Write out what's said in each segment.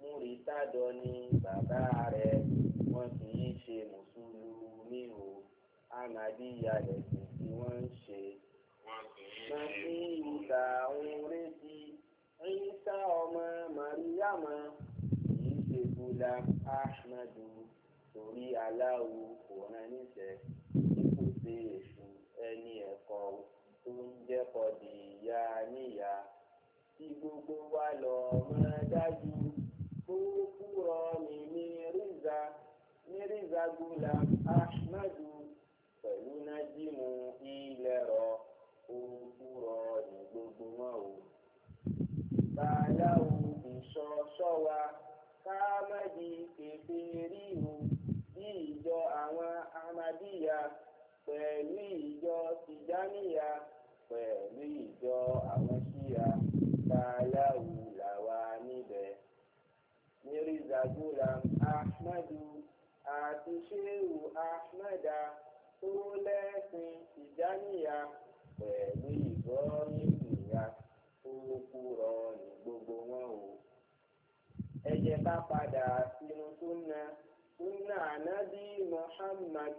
múrítàdọ ni bàbá rẹ̀ wọn kì í ṣe mùsùlùmí o ahmadiyya lẹ̀sìn tí wọ́n ń ṣe. masiru làwọn retí Ìsá ọmọ mariama kì í ṣe gulam ahmadu torí aláwo kò rán níṣẹ́ bí kò sí èṣù ẹni ẹ̀kọ́ tó ń jẹ́kọ̀ọ́ di ìyá níyà tí gbogbo wa lọ́ọ́ mọ́ dájú. fúrọ́ọ̀nì ní ríza ní ríza gulam ahmadu pẹ̀lú nájímù ilẹ̀rọ fúrọ́ọ̀nì gbogbo wọn o. bàláwo ìṣọṣọ wa káàmádì kèfé bí ìjọ àwọn amadíyà pẹ̀lú ìjọ tìjáníyà pẹ̀lú ìjọ àwọn ṣíyà mirza gulam ahmadu àti sheu ahmada tó lẹ́sìn ìjáníyà pẹ̀lú ìgbọ́rin ìyá orúkú rọrùn gbogbo wọn o. ẹ jẹ́ ká padà sínú súnà súnà ànábì muhammad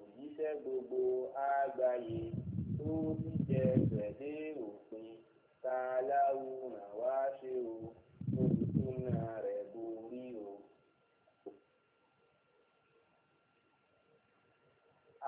òjíṣẹ́ gbogbo àgbáyé tó ti jẹ pẹ̀lú òfin tá a láwùrán wá ṣe o olùsúnà rẹ̀.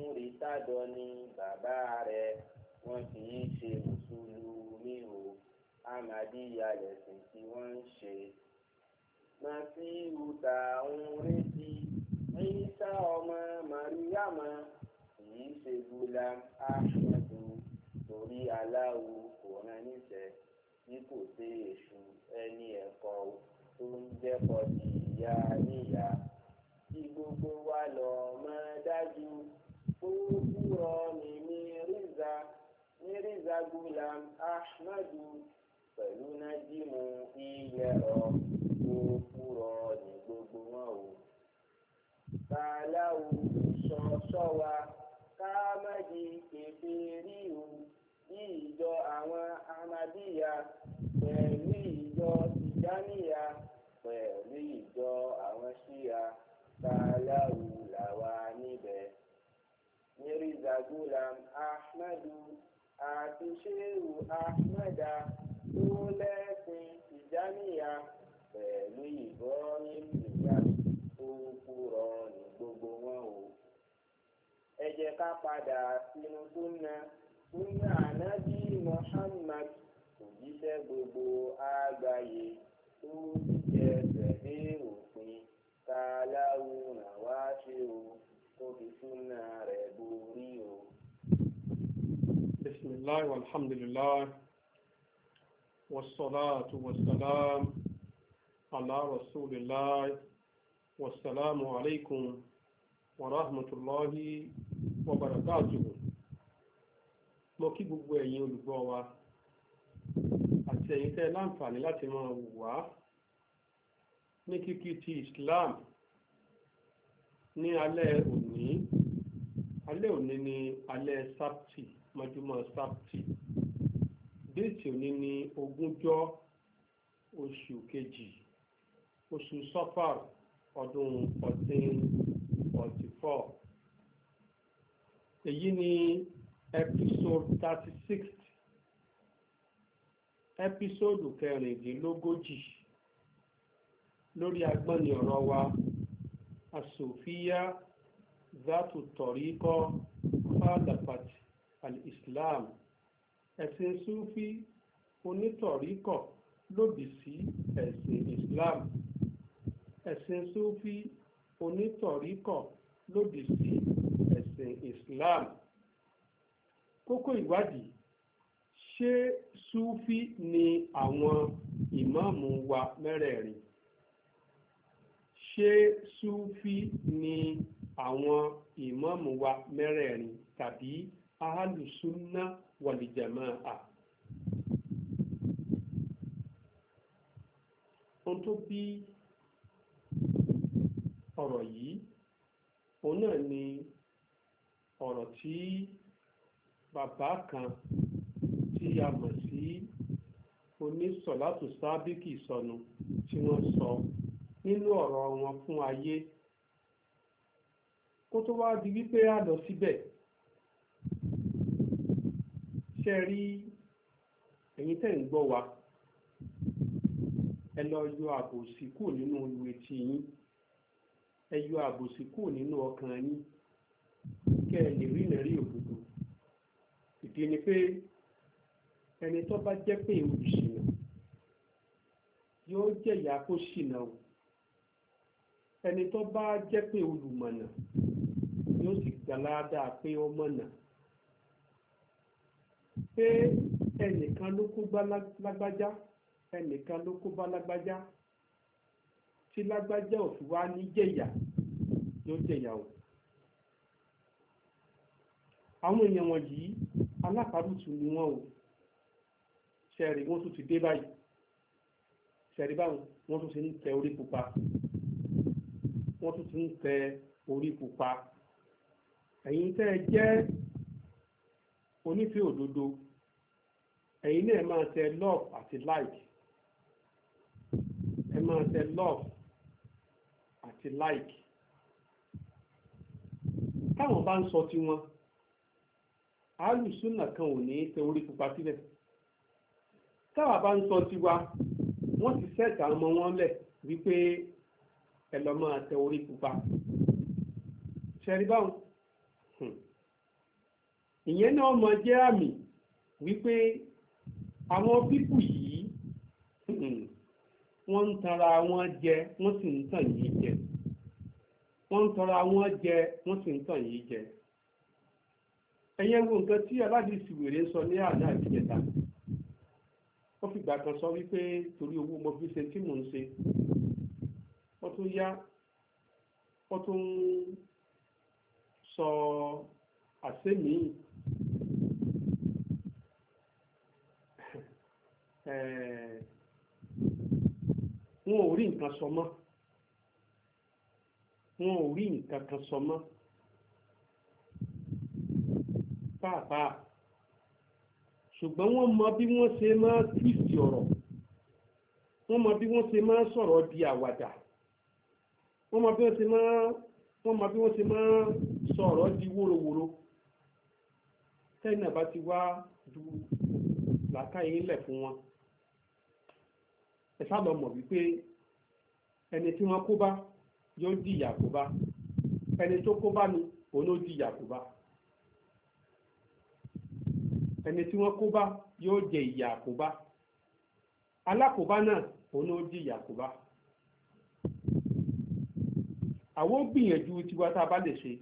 múri sádọ ni bàbá rẹ̀ wọ́n kì í ṣe mùsùlùmí o amadiya lẹ̀sìn tí wọ́n ń ṣe. masiu tá à ń retí Ìsá ọmọ Màríyàmá kìí ṣe gulam ahmadu torí aláwo kò rán níṣẹ́ bí kò ṣe èṣù ẹni ẹ̀kọ́ tó ń jẹ́kọ̀ọ́ ìyá níyà kí gbogbo wa lọ́ọ́ mọ̀ dájú fúrọ́ọ̀nì mírízà mírízà gulam ahmadu pẹ̀lú nájímù iyẹ̀rọ fúrọ́ọ̀nì gbogbo wọn o. kàláwù sọ̀sọ́ wa káàmádì kẹfẹ́ rí o ní ìjọ àwọn amadíyà pẹ̀lú ìjọ tìjáníyà pẹ̀lú ìjọ àwọn ṣíyà kàláwù. Mirza Gulam Ahmadu àti Ṣéhù Ahmeda tó lẹ́sìn ìjáníyà pẹ̀lú ìbọ́rin ìyá orúkú rọrùn gbogbo wọn o. ẹ jẹ́ ká padà sínú súnà súnà ànábì Muhammad gbogbo àgbáyé tó ti jẹ́ tẹ̀lé òfin láwùrán kó fi súnà rẹ̀ borí o. bisimilahi walhamdulilayi wasalaatu wasalaam ala rasulilayi wasalaamu alaykum wa rahmatulahi wa barakatuhu mo kí gbogbo ẹ̀yin olùgbọ́ wa àti ẹ̀yin tẹ́ láǹfààní láti máa wù wá ní kíkí ti Islam ní alẹ́ òní alẹ́ òní ni alẹ́ sábtì mọ́júmọ́ sábtì déètì òní ni ogúnjọ́ oṣù kejì oṣù sọ́fàr ọdún fourteen forty four èyí ni episode thirty six episode kẹrìndínlógójì lórí agbọ́ni ọ̀rọ̀ wa asòfíà. ذات الطريقة خالفت الإسلام ẹ̀sìn súfì onítọ̀ríkọ̀ lòdì sí ẹ̀sìn Islam ẹ̀sìn súfì onítọ̀ríkọ̀ lòdì sí ẹ̀sìn Islam kókó ìwádìí ṣé súfì ni àwọn ìmáàmù wa mẹ́rẹ̀ẹ̀rin ṣé súfì ni àwọn ìmáàmù wa mẹ́rẹ̀ẹ̀rin tàbí ahàlùsúnná wàlìjàmáà à. ohun tó bí ọ̀rọ̀ yìí òun náà ni ọ̀rọ̀ tí bàbá kan tí a mọ̀ sí onísọ̀látù sábíkì sọnù tí wọ́n sọ nínú ọ̀rọ̀ wọn fún ayé kó tó wá di wípé a lọ síbẹ̀ ṣe rí ẹ̀yin tẹ̀ ń gbọ́ wa ẹ lọ yọ àbòsí kúrò nínú ìwé tí yín ẹ yọ àbòsí kúrò nínú ọkàn yín kẹ́ ẹ lè rí ìlérí òdodo ìdí ni pé ẹni tó bá jẹ́ pé olùṣìnà yóò jẹ̀yà kó ṣìnà o ẹni tó bá jẹ́ pé olùmọ̀nà yóò sì gbà ládàá pé ó mọ̀nà pé ẹnìkan ló kó bá lágbájá ẹnìkan ló kó bá lágbájá tí lágbájá ò fi wá ní jẹ̀yà ló jẹ̀yà o àwọn èèyàn wọ̀nyí alápàdùtù ni wọ́n o sẹ́ẹ̀rì wọ́n tún ti dé báyìí sẹ́ẹ̀rì báwọn wọ́n tún ti ń tẹ orí pupa wọ́n tún ti ń tẹ orí pupa ẹ̀yin tẹ́ ẹ jẹ́ onífẹ́ òdodo ẹ̀yin náà máa tẹ love àti like ẹ máa tẹ love àti like táwọn bá ń sọ tiwọn alùsùnà kan ò ní tẹ orí pupa sílẹ̀ táwa bá ń sọ tiwa wọ́n ti sẹ́ẹ̀tà ọmọ wọn lẹ̀ wípé ẹ lọ máa tẹ orí pupa ṣẹ́rí báwọn. Hmm. ìyẹn náà mọ jẹ́ àmì wípé àwọn pípù yìí hmm, wọ́n ń tanra wọn jẹ wọ́n sì ń tàn yìí jẹ wọ́n ń tanra wọn jẹ wọ́n sì ń tàn yìí jẹ ẹ̀yẹ́ wo nǹkan tí aládìsí wèrè sọ ní àná àtijẹ́ta ó fìgbà kan sọ wípé torí owó mo fi ṣe tí mò ń ṣe ó tún yá ó tún ń sọ àṣẹ míì wọn ò rí nǹkan sọ mọ́ wọn ò rí nǹkan kan sọ mọ́ pàápàá ṣùgbọ́n wọ́n mọ bí wọ́n ṣe máa twist ọ̀rọ̀ wọ́n mọ bí wọ́n ṣe máa sọ̀rọ̀ di àwàdà wọ́n mọ bí wọ́n ṣe máa wọ́n mọ bí wọ́n ṣe máa sọ ọ̀rọ̀ di wóróworó tẹ́nà bá ti wá du làákàyè ńlẹ̀ fún wọn ẹ sábà mọ̀ wípé ẹni tí wọ́n kó bá yóò di ìyà kó bá ẹni tó kó bá ni òun ló di ìyà kó ẹni tí wọ́n kó bá yóò jẹ ìyà àkóbá náà òun ló di ìyà àkóbá àwọn gbìyànjú tiwa tá a bá lè ṣe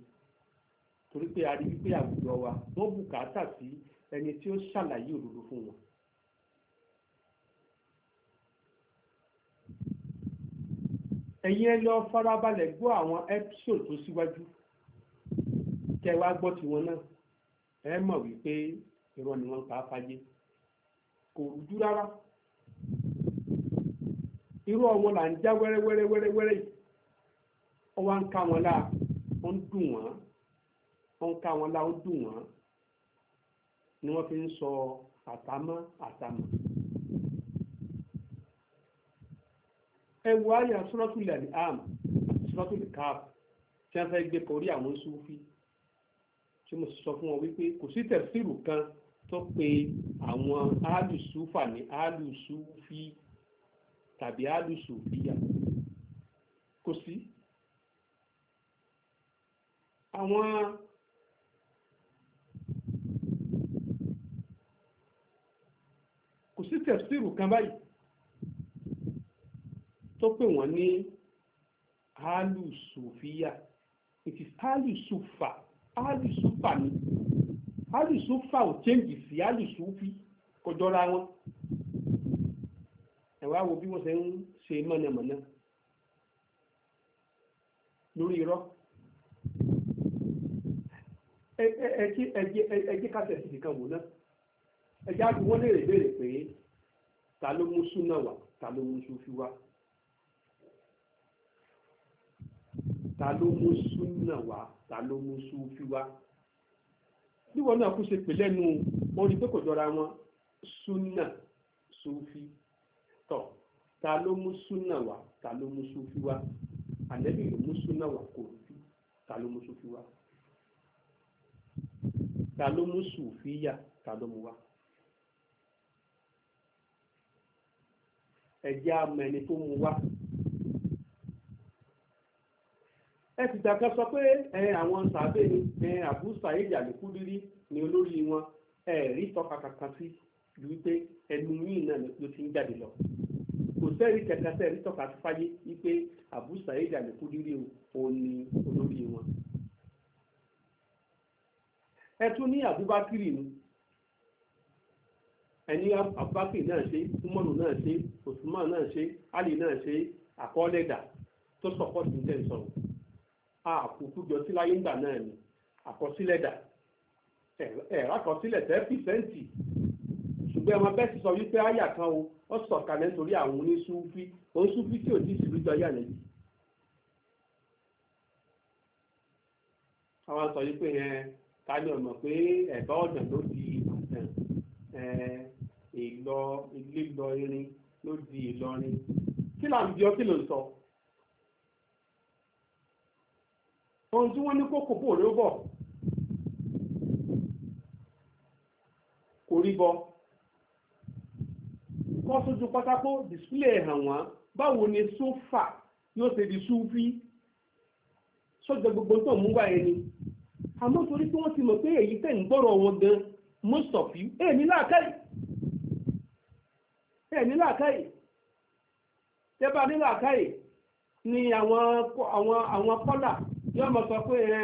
torí pé a rí wípé àwùjọ wa wọ́n bùkátà sí ẹni tí ó ṣàlàyé òdodo fún wọn. ẹ̀yin ẹ lọ farabalẹ̀ gbọ́ àwọn episode tó síwájú kẹ́ wá gbọ́ tiwọn náà ẹ mọ̀ wípé irọ́ ni wọ́n ń pa fáyé kò rújú rárá irú ọmọ là ń já wẹ́rẹ́wẹ́rẹ́wẹ́rẹ́ yìí ọwọ́ ń ká wọn láà ó ń dùn wọ́n ó ń ká wọn lá ó dùn wọ́n ni wọ́n fi ń sọ àtàmọ́ àtàmọ́. ẹ wo àyà suratul An'am suratul Kahf tí wọ́n fẹ́ gbé kọrí àwọn Súfì tí mo sọ fún wọn wípé kò sí tẹ̀síìrù kan tó pe àwọn alùsùfà ní alùsùfì tàbí alùsùfìyà kò sí. àwọn tẹ̀síìrù kan báyìí tó pè wọ́n ní alùsùfíà it is alùsùfà alùsùfà ni alùsùfà ò chẹ́ǹgì sí alùsùfì kò jọra wọn ẹ wá wo bí wọ́n ṣe ń ṣe mọ̀nàmọ́ná lórí irọ́ ẹ jẹ́ ká tẹ̀sí nìkan wò náà ẹ jẹ́ àdúgbò lè rè béèrè pé ta ló mú súnà wá ta ló mú súfì wá ta ló mú súnà wá ta ló mú súfì wá bí wọn náà kú ṣe pè lẹ́nu wọn rí pé kò jọra wọn súnà súfì tọ ta ló mú súnà wá ta ló mú súfì wá àlẹ́bí ló mú súnà wá kò rí ta ló mú súfì wá ta ló mú súfì yá ta ló mú wá. ẹ̀jẹ̀ àmọ́ ẹni tó mú wá. ẹ sì dàgbà sọ pé ẹ àwọn sàbẹ̀ ni ẹ Abu Sa'id al-Khudri ni olórí wọn ẹ rí tọ́ka kankan sí ju wípé ẹnu yìí náà ló ti ń jáde lọ kò sẹ́ẹ̀rí kẹta sẹ́ẹ̀rí tọ́ka sí fáyé wípé Abu Sa'id al-Khudri òun ni olórí wọn. ẹ tún ní Abubakiri ni ẹni abubakar náà ṣe umaru náà ṣe osman náà ṣe ali náà ṣe àkọọ́lẹ̀dà tó sọ̀kọ́ sí tẹ̀ sọ̀rọ̀ àkókò jọ sí láyé ńgbà náà ni àkọsílẹ̀ dà ẹ̀rọ àkọsílẹ̀ tẹ́ pìsẹ́ǹtì ṣùgbọ́n ẹ̀ma bẹ́ẹ̀ ti sọ wípé àyà kan o ó sọ̀kalẹ̀ nítorí àwọn oníṣúfí oníṣúfí tí ò ní ìsìnkú jọ yà nìyí. àwọn sọ wípé yẹn ká ní ọmọ pé ẹ̀bá ọ̀dàn ló di àtàn ìlọ ilé lọ irin ló di ìlọrin kí là ń bí ọ kí ló ń sọ ohun tí wọ́n ní kókò bò ló bọ̀ kò rí bọ kọ́ sójú pátákó display hàn wọ́n báwo ni sófà yóò ṣe di gbogbo tó mú wá ẹni àmọ́ torí pé wọ́n ti mọ̀ pé èyí tẹ̀ ń gbọ́rọ̀ wọn gan ẹ̀ nílàkàyè tẹ́bà nílàkàyè ni àwọn àwọn àwọn kọ́là yóò mọ̀ sọ pé ẹ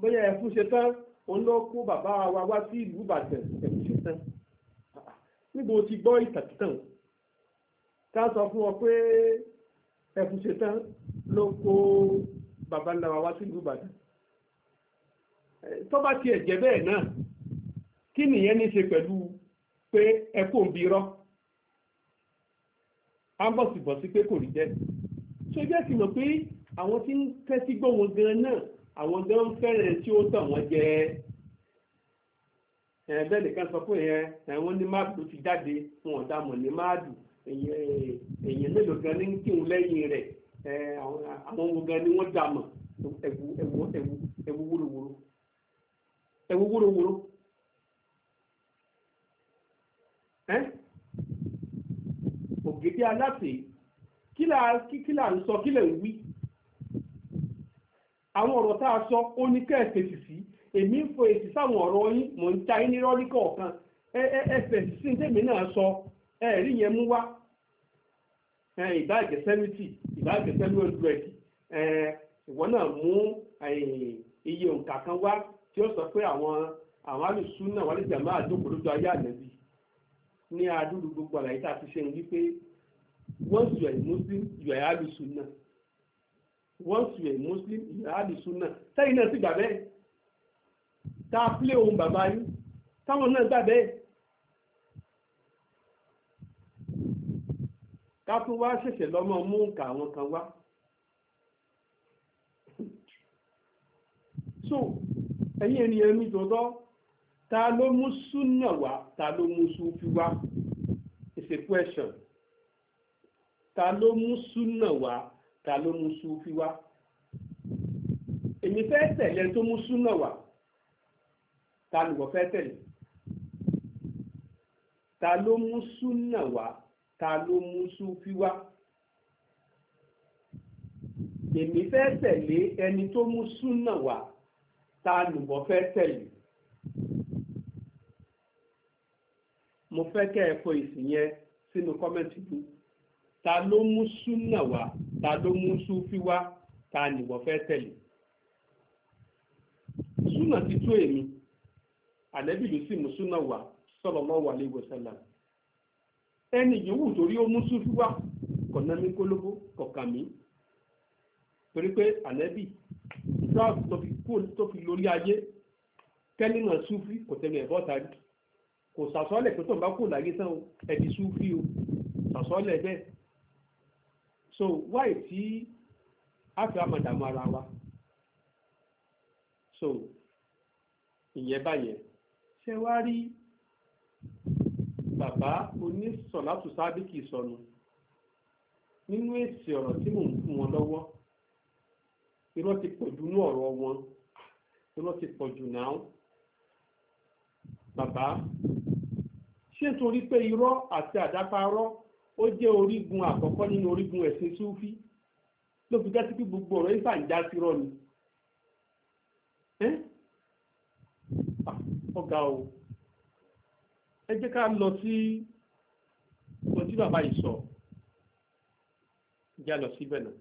bóyá ẹ̀fún ṣe tán òun ló kó bàbá wa wá sí ìlú Ìbàdàn ẹ̀fún ṣe tán níbo ti gbọ́ ìtàkìtàn ká sọ fún ọ pé ẹ̀fún ṣe tán ló kó bàbá ńlá wa wá sí ìlú Ìbàdàn tó bá tiẹ̀ jẹ́ bẹ́ẹ̀ náà kí nìyẹn ní ṣe pẹ̀lú pé ẹkùn bírọ́ á ń bọ̀ sí bọ̀ sí pé kò rí bẹ́ẹ̀ tó jẹ́ sì mọ̀ pé àwọn tí ń tẹ́tí gbọ́ wọn gan náà àwọn gan ń fẹ́rẹ̀ tí ó tàn wọ́n jẹ ẹ bẹ́ẹ̀ nìkan sọ pé ẹ wọ́n ní máàdù ló ti jáde wọn ò dá mọ̀ ní máàdù èèyàn mélòó gan ní kírun lẹ́yìn rẹ̀ àwọn ohun gan ni wọ́n dá mọ̀ ẹ̀wù wúrowúro ẹ̀wù wúrowúro ògèdè aláṣẹ kí là ń sọ kí lẹ̀ ń wí àwọn ọ̀rọ̀ tá a sọ ó ní kẹ́ẹ̀fẹ̀sì sí èmi ń fo èsì sáwọn ọ̀rọ̀ yín mò ń ta yín ní rọ́lí kọ̀ọ̀kan ẹ ẹ ẹ fẹ̀sì sí tèmi náà sọ ẹ rí yẹn mú wá ìbá ìgẹ̀sẹ́mìtì ìbá ìgẹ̀sẹ́mì ọ̀dùrẹ́d ìwọ náà mú iye òǹkà kan wá tí ó sọ pé àwọn àwọn alùsùn náà wálé jàmbá àjókòó lójú ayé ànẹ́bí ní adúlù gbogbo àlàyé tá a ti ṣe ń wípé Once you are a Muslim, you are Ahlus Sunnah. Once you are a Muslim, you are Ahlus Sunnah. Sẹ́yìn náà sì gbà bẹ́ẹ̀. Tá a pílé ohun bàbá yín. Táwọn náà gbà bẹ́ẹ̀. Ká tún wá ṣẹ̀ṣẹ̀ lọ́mọ mú nǹka àwọn kan wá. So, ẹ̀yin ènìyàn mi tòótọ́, ta ló mú Súnà wá, ta ló mú Súnfí wá? It's a question ta ló mú súnà wá ta ló mú súfí wá èmi fẹ́ tẹ̀lé tó mú súnà wá ta ló wọ́n fẹ́ tẹ̀lé ta ló mú súnà wá ta ló mú súfí wá èmi fẹ́ tẹ̀lé ẹni tó mú súnà wá ta ló fẹ́ tẹ̀lé. mo fẹ́ kẹ́ ẹ fọ èsì yẹn sínú kọ́mẹ́ǹtì yìí ta ló mú súnà wá ta ló mú súfí wá ta nìwọ fẹ́ tẹ̀lé súnà ti tó èmi ànábì ló sì mú súnà wá sallallahu alaihi wasallam ẹni yòówù torí ó mú súfí wá kọ̀nà mi kólóbó kọ̀kà mi torí pé ànábì sáàbù tó fi kú tó fi lórí ayé kẹ́límà súfí kò tẹ̀lé ẹ̀bọ́ tàbí kò sàsọ́lẹ̀ pé tó ń bá kú láyé tán ẹ̀dí súfí o sàsọ́lẹ̀ bẹ́ẹ̀ so why tí a fi àmọ̀ ara wa so ìyẹn báyẹn ṣé wá rí bàbá onísọ̀látù sábìkì sọnù nínú èsì ọ̀rọ̀ tí mò ń fún wọn lọ́wọ́ irọ́ ti pọ̀jù ní ọ̀rọ̀ wọn irọ́ ti pọ̀jù náà bàbá ṣé nítorí pé irọ́ àti àdáparọ́ ó jẹ́ orígun àkọ́kọ́ nínú orígun ẹ̀sìn súfí ló fi jásí pé gbogbo ọ̀rọ̀ ifá ń já sí rọ́ ni ọ̀gá o ẹ jẹ́ ká lọ sí ohun tí bàbá yìí já lọ síbẹ̀ náà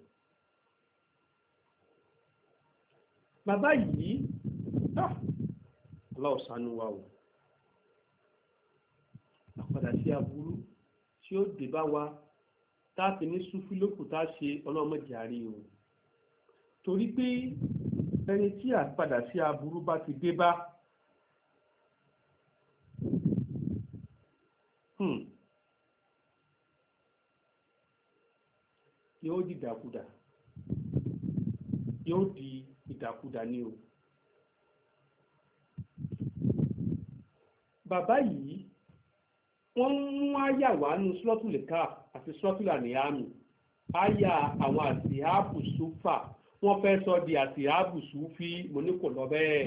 bàbá yìí aláwọ̀ ah, sánú wa o àpàdà sí aburú tí ó dé bá wa tá a fi ní súfú lókù tá a ṣe ọlọ́mọdé àárí o torí pé ẹni tí àpadà sí aburú bá ti dé bá hmm, yóò di ìdàkudà yóò di ìdàkudà ni o bàbá yìí wọ́n ń wá yà wá nu slọ́tù lẹ́kàp àti slọ́tù làníyàmù àyà àwọn àtìhábù súfà wọ́n fẹ́ sọ di àtìhábù súfì mo ní kò lọ bẹ́ẹ̀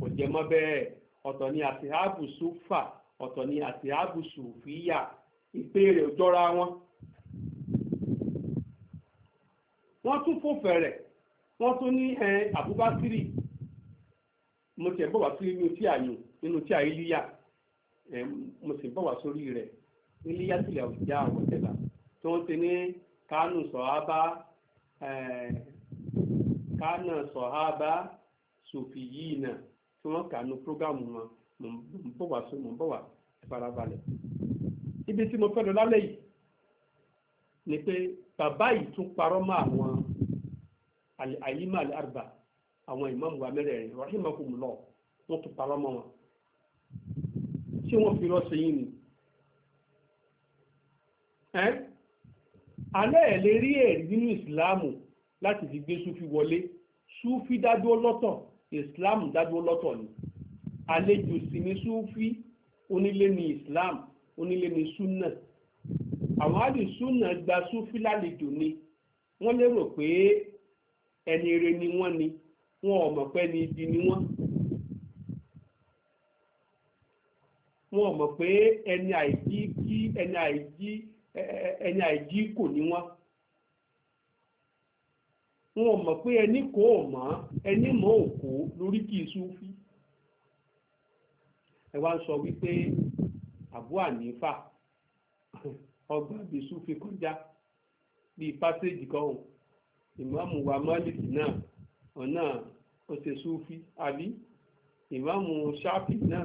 kò jẹ mọ́ bẹ́ẹ̀ ọ̀tọ̀ ni àtìhábù súfà ọ̀tọ̀ ni àtìhábù súfìyà ìpèrè òjọra wọn. wọ́n tún fò fẹ̀rẹ̀ wọ́n tún ní ẹ̀ mo tẹ̀ bọ̀ wá sí inú tí àyùn inú tí àyílíyà mo sì bọ̀ wá sórí rẹ̀ nílé yásílẹ̀ àwùjá àwọn tẹ̀lá tó ń ti ní kánù sọ̀hábà kánà sọ̀hábà sòfìyí náà tí wọ́n kà nu prógámù wọn mò ń bọ̀ wá sí mò ń bọ̀ wá farabalẹ̀. ibi tí mo fẹ́ lọ lálẹ́ yìí ni pé bàbá yìí tún parọ́ mọ́ àwọn àyímọ̀ àlẹ́ àwọn ìmáàmù wa mẹ́rẹ̀ẹ̀rin rahimahumullah wọ́n tún parọ́ mọ́ wọn tí wọ́n fi rọ́ọ̀sì yín ni. alẹ́ ẹ̀ lè rí ẹ̀rí nínú ìsìláàmù láti fi gbé súfì wọlé súfì dádúró lọ́tọ̀ ìsìláàmù dádúró lọ́tọ̀ ni àlejò sì ni súfì onílé ni ìsìláàmù onílé ni súnà àwọn àdìsúnà gba súfì lálejò ni wọ́n lérò pé ẹni ire ni wọ́n ni wọn ò ni ibi ni wọ́n. wọn ò mọ̀ pé ẹni àìjí kí ẹni àìjí ẹni àìjí kò ní wọn wọn ò mọ̀ pé ẹni kò mọ̀ ẹni mọ̀ òkò lórí kì í súnfí ẹ wá ń sọ wípé àbú ànífà ọgbà bí súnfí kọjá bíi pásíjì kan ìmáàmù wa mọ́lìkì náà ọ̀nà ó súnfí àbí ìmáàmù ṣáfì náà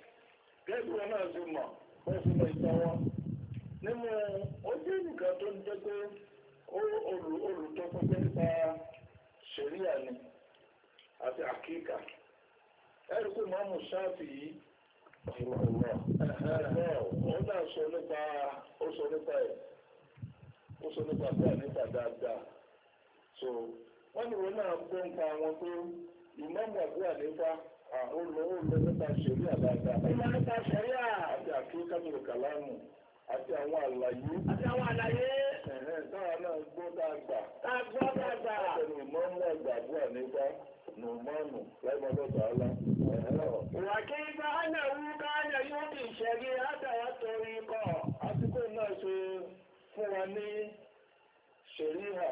gẹ́gẹ́ wọn náà ti mọ̀ ó sì lè tọwọ́ nínú ojú nìkan tó ń jẹ́ pé olùtọ́pẹ́pẹ́ nípa ṣẹ̀ríà ni àti àkíkà ẹ̀rí pé mọ́mù sáàfì yìí ó náà sọ nípa ó sọ nípa ẹ̀ ó sọ nípa bí àníkà dáadáa so wọ́n ní wọn náà gbọ́ nípa wọn pé ìmọ̀mù àbúrò olùmọ̀wò ń bẹ nípa ṣẹ̀ríà dáadáa. ìmọ̀ nípa ṣẹ̀ríà. àti àkíkàtúrò kàlámù àti àwọn àlàyé. àti àwọn àlàyé. táwa náà gbọ́ dáadáa. tá a gbọ́ dáadáa. àtẹnu ìmọ̀ọ́mù àgbà àbúrò nípa nùmọ́ọ̀nù láì máa bẹ̀ bàá lá. ìwà kí ibà ánà wú káánà yóò fi ṣẹ̀rí látàwá torí kọ́. àsìkò náà ṣe fún wa ní ṣẹ̀ríà.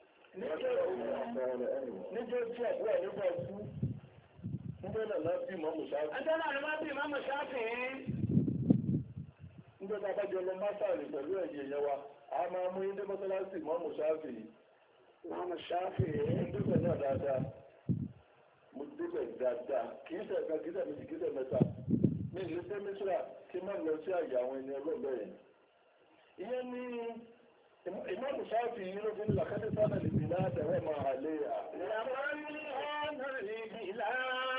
níjẹ́ tí ọ̀pọ̀ ẹ̀ nípa ọ̀kú níjẹ́ náà náà bí mọ́mù ṣáàfì. ẹjọ́ náà ló máa bí mọ́mù ṣáàfì. níjẹ́ tí abájọ a máa mú ilé mọ́sálásì mọ́mù ṣáàfì. mọ́mù ṣáàfì ń إمام شافعي يقول لك سنة البلاد وما عليها وما عليها البلاد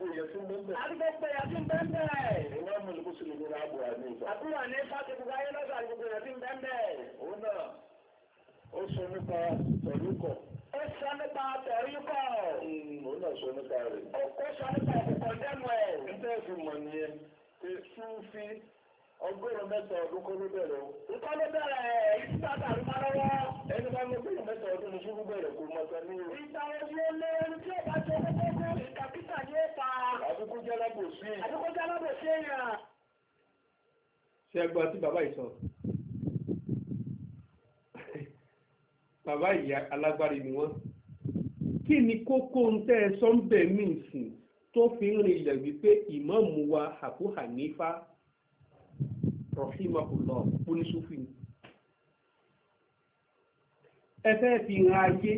gbogbo yẹn tún bẹ́ẹ̀ bẹ́ẹ̀. àti gbogbo yẹn tún bẹ́ẹ̀ bẹ́ẹ̀. ìwọ mú ní kùsùn nínú ààbò àmì àbúrò ní fásitì gbogbo ayé lọ́sọ̀ àti gbogbo yẹn tún bẹ́ẹ̀ bẹ́ẹ̀. òun náà ó sọ nípa tẹ̀lúkọ̀. ó sọ nípa tẹ̀lúkọ̀. òun náà sọ nípa rẹ̀. ó sọ nípa òkùnkùn dẹ́mu ẹ̀. nítorí fi mọ̀ nìyẹn pé súnfí ọgọ́rùn mẹ́ta ọdún kọ́ ló bẹ̀rẹ̀ o. Ìkọ́ ló bẹ̀rẹ̀ ìsúta tàbí máa lọ́wọ́. Ẹni bá ní ọgọ́rùn mẹ́ta ọdún ní ṣubú bẹ̀rẹ̀ kó mọ̀ta ní. Ìtàwọn ilé lé orí tí ó bá jẹ́ kókó tàbí pa àdúgbòjá lábò sí èèyàn. ṣe ẹgbẹ́ ọtí bàbá yìí sọ bàbá yìí alágbárí ni wọ́n kí ni kókó ń tẹ́ ẹ sọ́ńbẹ̀ míì sìn tó fi ń rin ilẹ̀ wípé ìmáàmù wa Abu Hanifa rahimahullah oníṣúfì ni ẹ fẹ́ fi hàn ayé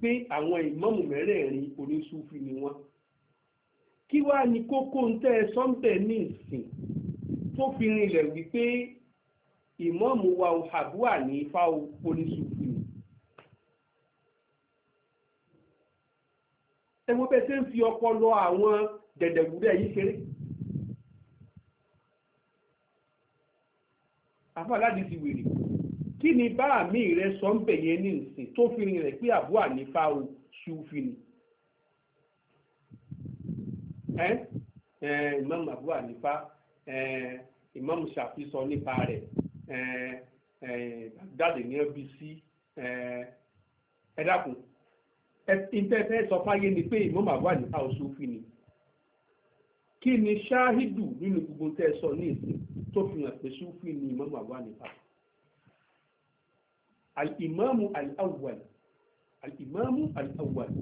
pé àwọn ìmáàmù mẹ́rẹ̀ẹ̀rin oníṣúfì ni wọ́n kí wá ní kókó ń tẹ́ ẹ sọ́ńbẹ̀ ní ìsìn tó fi rinlẹ̀ wípé ìmọ̀ọ́mù wa ò àbúwà ní ifá oníṣùfì. ẹ wo bẹ́ẹ̀ ṣe ń fi ọpọlọ àwọn dẹ̀dẹ̀wúrẹ́ yìí ṣeré. àfàládì ti wèrè kí ni bá àmì rẹ sọ́ńbẹ̀ yẹn ní ìsìn tó fi rinlẹ̀ pé àbúwà ní ifá oníṣùfì imam abu hanifa imam shafi sọ nípa rẹ̀ dáàdì ní ẹbí sí ẹ dákun ìtẹ́fẹ́ sọ fáyé ni pé imam abu hanifa ò sófin ni kí ni ṣáhídù nínú gbogbo tẹ́ ẹ sọ ní ìsìn tó fi hàn pé sófin ni imam abu hanifa al-imamu al-awwal al-imamu al-awwal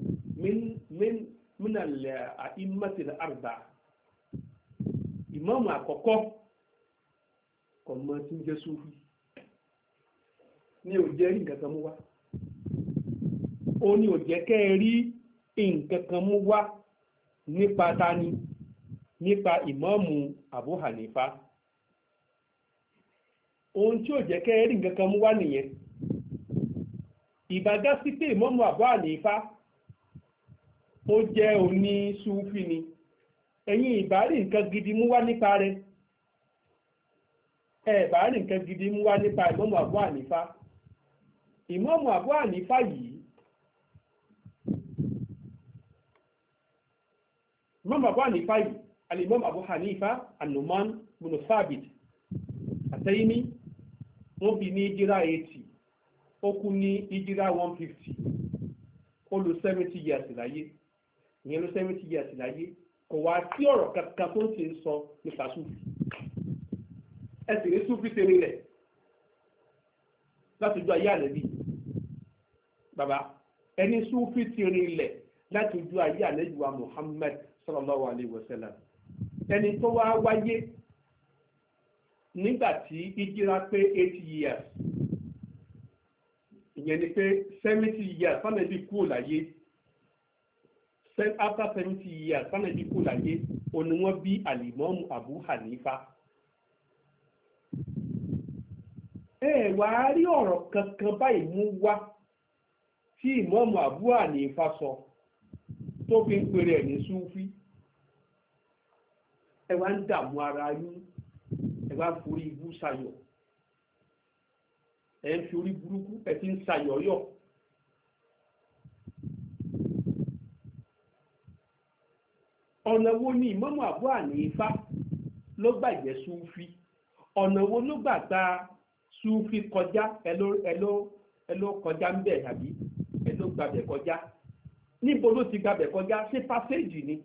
min min muna le a al-arba'a ìmáàmù àkọ́kọ́ kò mọ tí ń jẹ́ sófì ní òjẹ́ rí o kan mú wá ó ní òjẹ́ kẹ́ tani nípa ìmáàmù Abu Hanifa ohun tí ò jẹ́ kẹ́ ẹ rí nǹkan kan pé Abu Hanifa tó jẹ́ oní súfì ni ẹ̀yin ìbárí nǹkan gidi mú wá nípa rẹ̀ ẹ̀ ìbárí nǹkan gidi mú wá nípa ìmọ̀mù àbú ànífà ìmọ̀mù àbú ànífà yìí ìmọ̀mù àbú ànífà yìí alimọ́mù àbú ànífà anuman munusabit àtẹ́yìní wọ́n bí ní ìjírá 80 ó kú ní ìjírá 150 ó lò 70 years láyé ìyẹn ló seventy years láyé kò wá sí ọ̀rọ̀ kankan tó ń ṣe sọ nípa súfì ẹ sì rí súfì tẹ́lẹ̀ rẹ̀ láti ojú ayé àlẹ́bí bàbá ẹni súfì ti rinlẹ̀ láti ojú ayé àlẹ́bí wa Muhammad sallallahu alayhi wa sallam ẹni tó wá wáyé nígbà tí ìjìra pé eighty years ìyẹn ni pé seventy years fáwọn ẹbí kúrò láyé after seventy years sanabi kò láyé ó ní wọ́n bí abu hanifa. ẹ wá rí ọ̀rọ̀ kankan báyìí mú wá tí ìmọ̀mù abu hanifa sọ tó fi ń pèrè ẹ̀ ní súfí ẹ wá ń dààmú ara yín ẹ wá forí ibú sayọ̀ ẹ ń fi orí burúkú ẹ ti ń sayọ̀ yọ̀. ọ̀nà wo ni ìmámù Abu Hanifa ló gbà jẹ́ súfì ọ̀nà wo ló gbà gba súfì kọjá ẹ ló ẹ ló ẹ ló kọjá ń bẹ̀ àbí ẹ ló gbàbẹ̀ kọjá níbo ló ti gbàbẹ̀ kọjá ṣé pàṣẹjì ni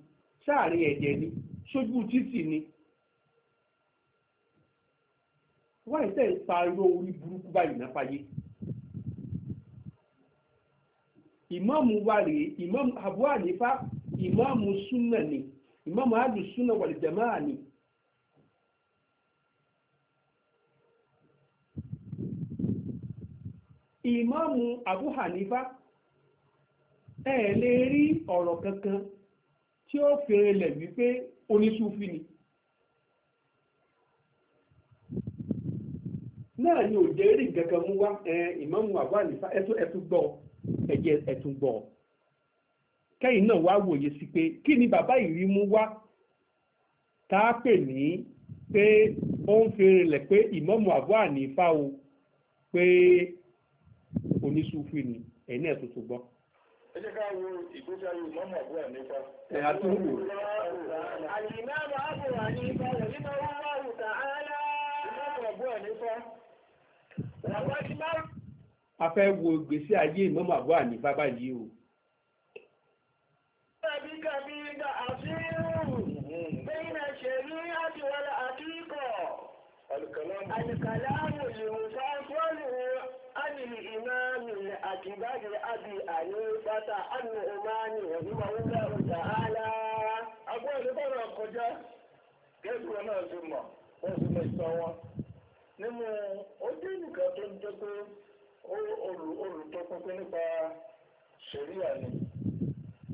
sáàrin ẹ̀jẹ̀ ni sójú títì ni wáyé tẹ̀ ń pa irú orí burúkú báyìí náà fàyè. ìmámù wa rèé ìmámù Abu Hanifa Imamu súnà ni ìmáàmù àdùn súnà wal jamaa ni. ìmáàmù Abu Hanifa ẹ̀ lè rí ọ̀rọ̀ kankan tí ó fèrè lẹ̀ wípé oníṣúfì ni. náà ni òjẹ́rì gẹ̀gẹ̀ mú wá ẹ̀ ìmáàmù Abu Hanifa ẹ̀tún gbọ́ ẹ̀jẹ̀ ẹ̀tún gbọ́ ọ kẹ́yìn náà wá wòye sí pé kí ni bàbá ìrí mú wá tá a pè ní pé ó ń fi rinlẹ̀ pé ìmọ̀mù àbọ̀ ànífà o pé oníṣùfì ni ẹ̀yìn náà tuntun gbọ́. ẹ jẹ́ ká wo ìgbésí ayé ìmọ̀mù àbọ̀ ànífà. ẹ̀ á tún wò. àlìmáàmù àbọ̀ ànífà wọ̀nyí máa wá wá òkà áńlá. ìmọ̀mù àbọ̀ ànífà. àwa ti a fẹ́ wo ìgbésí ayé ìmọ̀mù àbọ̀ ànífà báyìí o. bik gị ga-atụ h uru e ị na-echere i akịwara akụ ịkọ adụarị anụwue aụ ọnụwụ ayụrị ime anụrị akịba gịadịgị anyị kpata adụhị meanyụ a n'me rra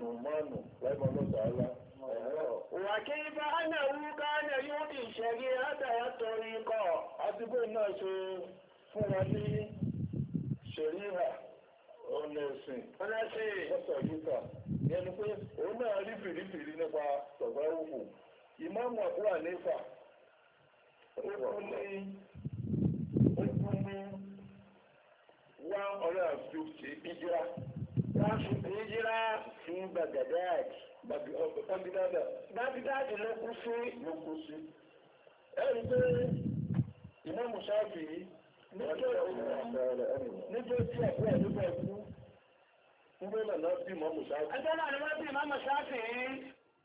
nùmánù láìpẹ́ ọlọ́sà alá. وكيف أنه كان يؤتي الشريعة والطريق àti a náà ṣe fún wa ní ṣẹ̀ríhà ọ̀nà ẹ̀sìn ọ̀sọ̀ yíká ní pé òun náà rí fìrífìrí nípa òkú bàgàdáàdì bàgàdáàdì oh, ló kú sí ló kú sí ẹ̀rí pé ìmọ̀ mùsáàfì yìí níjọ́ tí àbúrò àdúgbò ẹ̀kú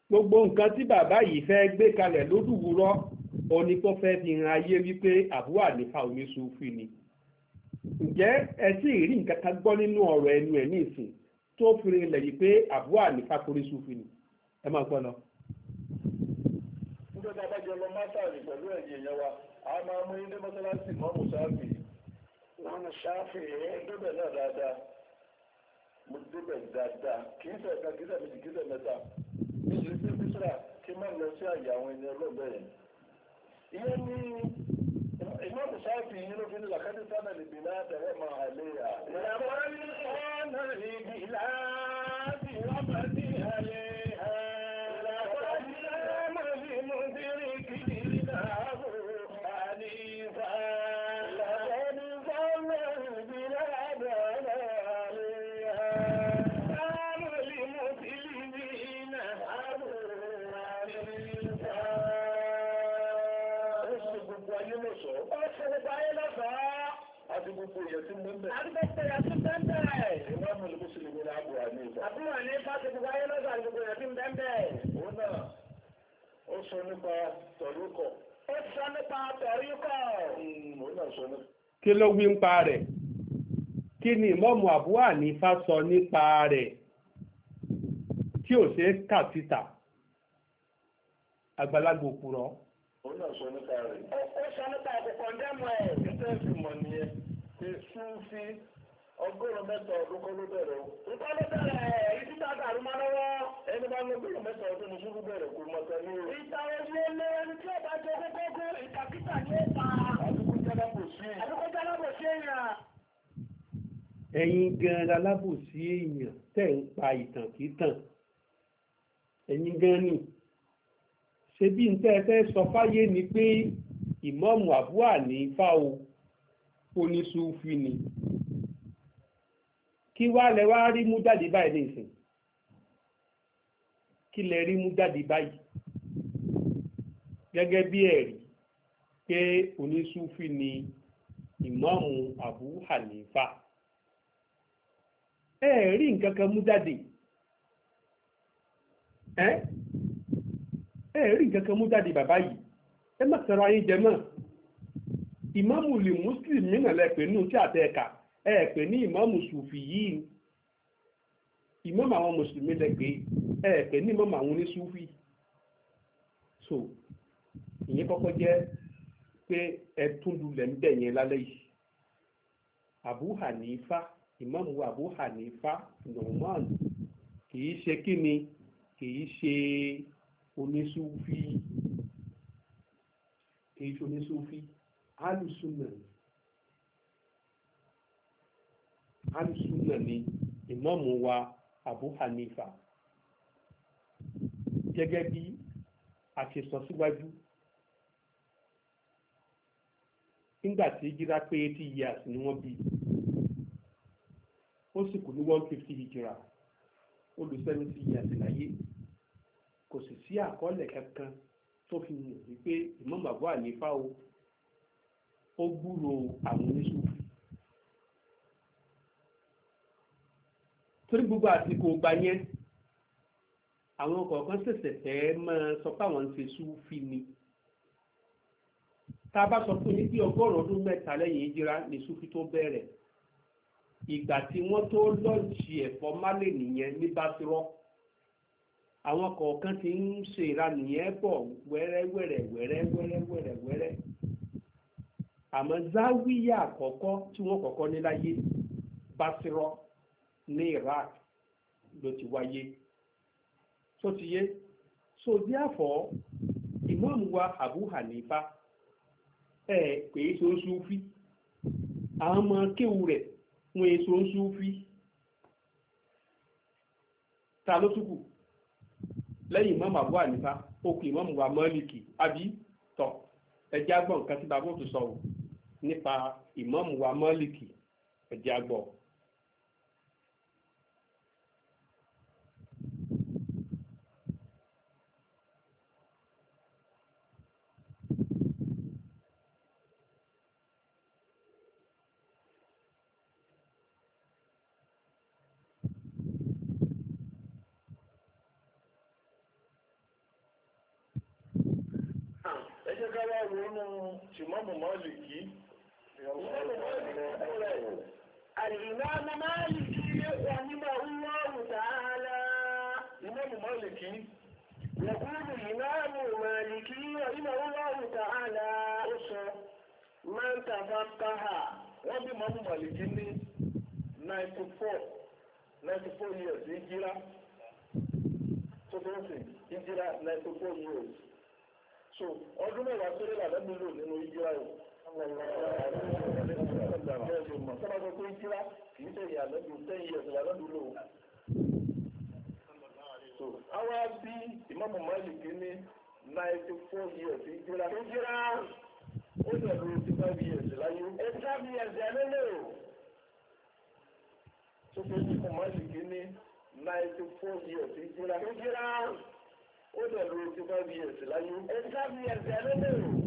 Gbogbo nǹkan tí bàbá yìí fẹ́ gbé kalẹ̀ lódùwúrọ́, òní kó fẹ́ fi hàn ayé wípé àbúrò àlefa oníṣòfin ni. Ǹjẹ́ ẹ sì rí nǹkan kan gbọ́ nínú ọ̀rọ̀ ẹnu ẹ̀ ní ìsìn? tó fi rinlẹ̀ yìí pé àbú ànífà torí sùfì ni ẹ máa gbọ́ lọ. nígbà tá a bá jẹ lọ mọ́sáàlì pẹ̀lú ẹ̀yìn ìyẹn wa a máa mú ilé mọ́sálásì mọ́mù sáfì wọn ṣáfì ẹ̀ débẹ̀ náà dáadáa mo débẹ̀ dáadáa kì í sẹ̀ka kì í sẹ̀ méjì kì í sẹ̀ mẹ́ta nítorí pé bísírà kí má lọ sí àyè àwọn ẹni ọlọ́ọ̀bẹ yẹn ìyẹn ní الإمام الشافعي يقول لقد سنة البلاد وما عليها لمن كان البلاد ẹ̀yọ̀ tí mo ń bẹ̀. arúgbẹ́sẹ̀ yà tún bẹ́ẹ̀ bẹ́ẹ̀. ìwọ́n mi ló sì Abu Hanifa. Abu Hanifa ti gbogbo ayé lọ́dọ̀ àgbègbè yà tún bẹ́ẹ̀ bẹ́ẹ̀. òun náà ó sọ nípa tọ̀ríkọ̀. ó sọ nípa tọ̀ríkọ̀. òun náà sọ nípa. kí ló wí ń pa rẹ̀? kí ni ìmọ̀mù Abu Hanifa sọ nípa rẹ̀ tí ò ṣe é kà síta? àgbàlagbò kúrọ̀. òun náà sọ nípa rẹ̀. ó sọ nípa àkùkọ̀ ń dẹ́mu ẹ̀ nítorí ìmọ̀ ti sún sí ọgọ́rùn-ún mẹ́ta ọdún kọ́ ló bẹ̀rẹ̀ o. Nípa ló bẹ̀rẹ̀ ẹ̀ ibi tá a dàrú máa lọ́wọ́. Ẹni bá ń lọ́gọ́rùn-ún mẹ́ta ọdún ni, ṣubú bẹ̀rẹ̀ kò mọ̀ tẹ̀lé o. Ìta ilé ẹni tí ó bá jẹ kókókó gan-an alábòsí èèyàn tẹ̀ ń pa ìtàn kìtàn. Ẹ̀yin gan-an ni. Ṣebí ń tẹ́ ẹ fẹ́ sọ fáyé ni pé ìmọ̀ọ̀mù àbúrò àní fáwọn oníṣúfì ni kí wá lẹ wá rí mú jáde báyìí ní ìsìn kí lẹ rí mú jáde báyìí gẹ́gẹ́ bí ẹ̀rí pé oníṣúfì ni ìmáàmù Abu Hanifa ẹ rí nǹkan kan mú jáde ẹ rí nǹkan kan mú jáde bàbá yìí ẹ má sọ̀rọ̀ ayé jẹ mọ́ ìmáàmù lè mùsùlùmí náà lẹ́pẹ̀ nù tí àtẹ̀ẹ̀kà ẹ̀ pè ní ìmáàmù sùfì yìí ìmáàmù àwọn mùsùlùmí lẹ́pẹ̀ ẹ̀ pè ní ìmáàmù àwọn onísùfì so ìyẹn kọ́kọ́ jẹ́ pé ẹtún lulẹ̀ ń bẹ̀ yẹn lálẹ́ yìí Abu Hanifa ìmáàmù Abu Hanifa Nu'man kìí ṣe kíni kìí ṣe onísùfì kìí ṣe onísùfì alùsùnà alùsùnà ni ìmọ̀mù wa Abu Hanifa gẹ́gẹ́ bí a ti sọ síwájú nígbà tí hijira pé eighty years ni wọ́n bí ó sì kú ní one fifty hijira ó lò seventy years láyé kò sì sí àkọọ́lẹ̀ kankan tó fi mọ̀ wípé ìmọ̀mù Abu Hanifa o ó gbúrò àwọn oníṣòwò torí gbogbo àsìkò ọgbà yẹn àwọn kọ̀ọ̀kan ṣẹ̀ṣẹ̀ fẹ́ máa sọ pé àwọn ń ṣe súfì ni tá a bá sọ fún yín bí ọgọ́rùn-ún ọdún mẹ́ta lẹ́yìn ìjìra ní súfì tó bẹ̀rẹ̀ ìgbà tí wọ́n tó lọ́ọ̀jì ẹ̀fọ́ málè nìyẹn ní bátírọ́ àwọn kọ̀ọ̀kan ti ń ṣe ìranìyẹn bọ̀ wẹ́rẹ́wẹ́rẹ́ wẹ́rẹ́wẹ́rẹ́ wẹ́rẹ́wẹ́rẹ́ àmọ́ záwíyà àkọ́kọ́ tí wọ́n kọ́kọ́ ní láyé basirọ́ ní Iraq ló ti wáyé tó ti yé so therefore imam wa Abu Hanifa ẹ pé so Sufi àwọn ọmọ kéwu rẹ̀ wọn èso Sufi ta ló túkù lẹ́yìn imam Abu Hanifa ó kù imam wa Málíkì àbí tọ̀ ẹjẹ́ agbọ̀n kan tí bàbá òtún sọ o nípa ìmáàmù wa Málíkì ẹ̀jẹ̀ àgbọ̀. ẹ jẹ́ ká wá wọnú tìmọ́mù Málíkì. ìmọ̀mù Málìkì rahimahullahu ta'ala ìmọ̀mù Málìkì yẹ̀kúrù ìmọ̀mù Málìkì rahimahullahu ta'ala ó sọ máa ń tàfà káhà wọ́n bí ìmọ̀mù Málìkì ní 94 94 years ìjírá tó tó ń sìn ìjírá 94 years so ọdún mẹ́wàá tó lé làbẹ́ mi lò nínú ìjírá Sọ́dọ̀ tó ń kíra kì í ṣe ìyàlọ́dún ẹ̀sìn bí ìmọ̀mù Málìkì years ń kíra. Ń kíra ó dẹ̀rù 85 years láyé. 85 years ẹ̀ lélẹ̀ o. Sọ́dọ̀ ìmọ̀mù Málìkì ní years ń kíra. Ń kíra ó dẹ̀rù 85 years láyé. 85 years ẹ̀ o.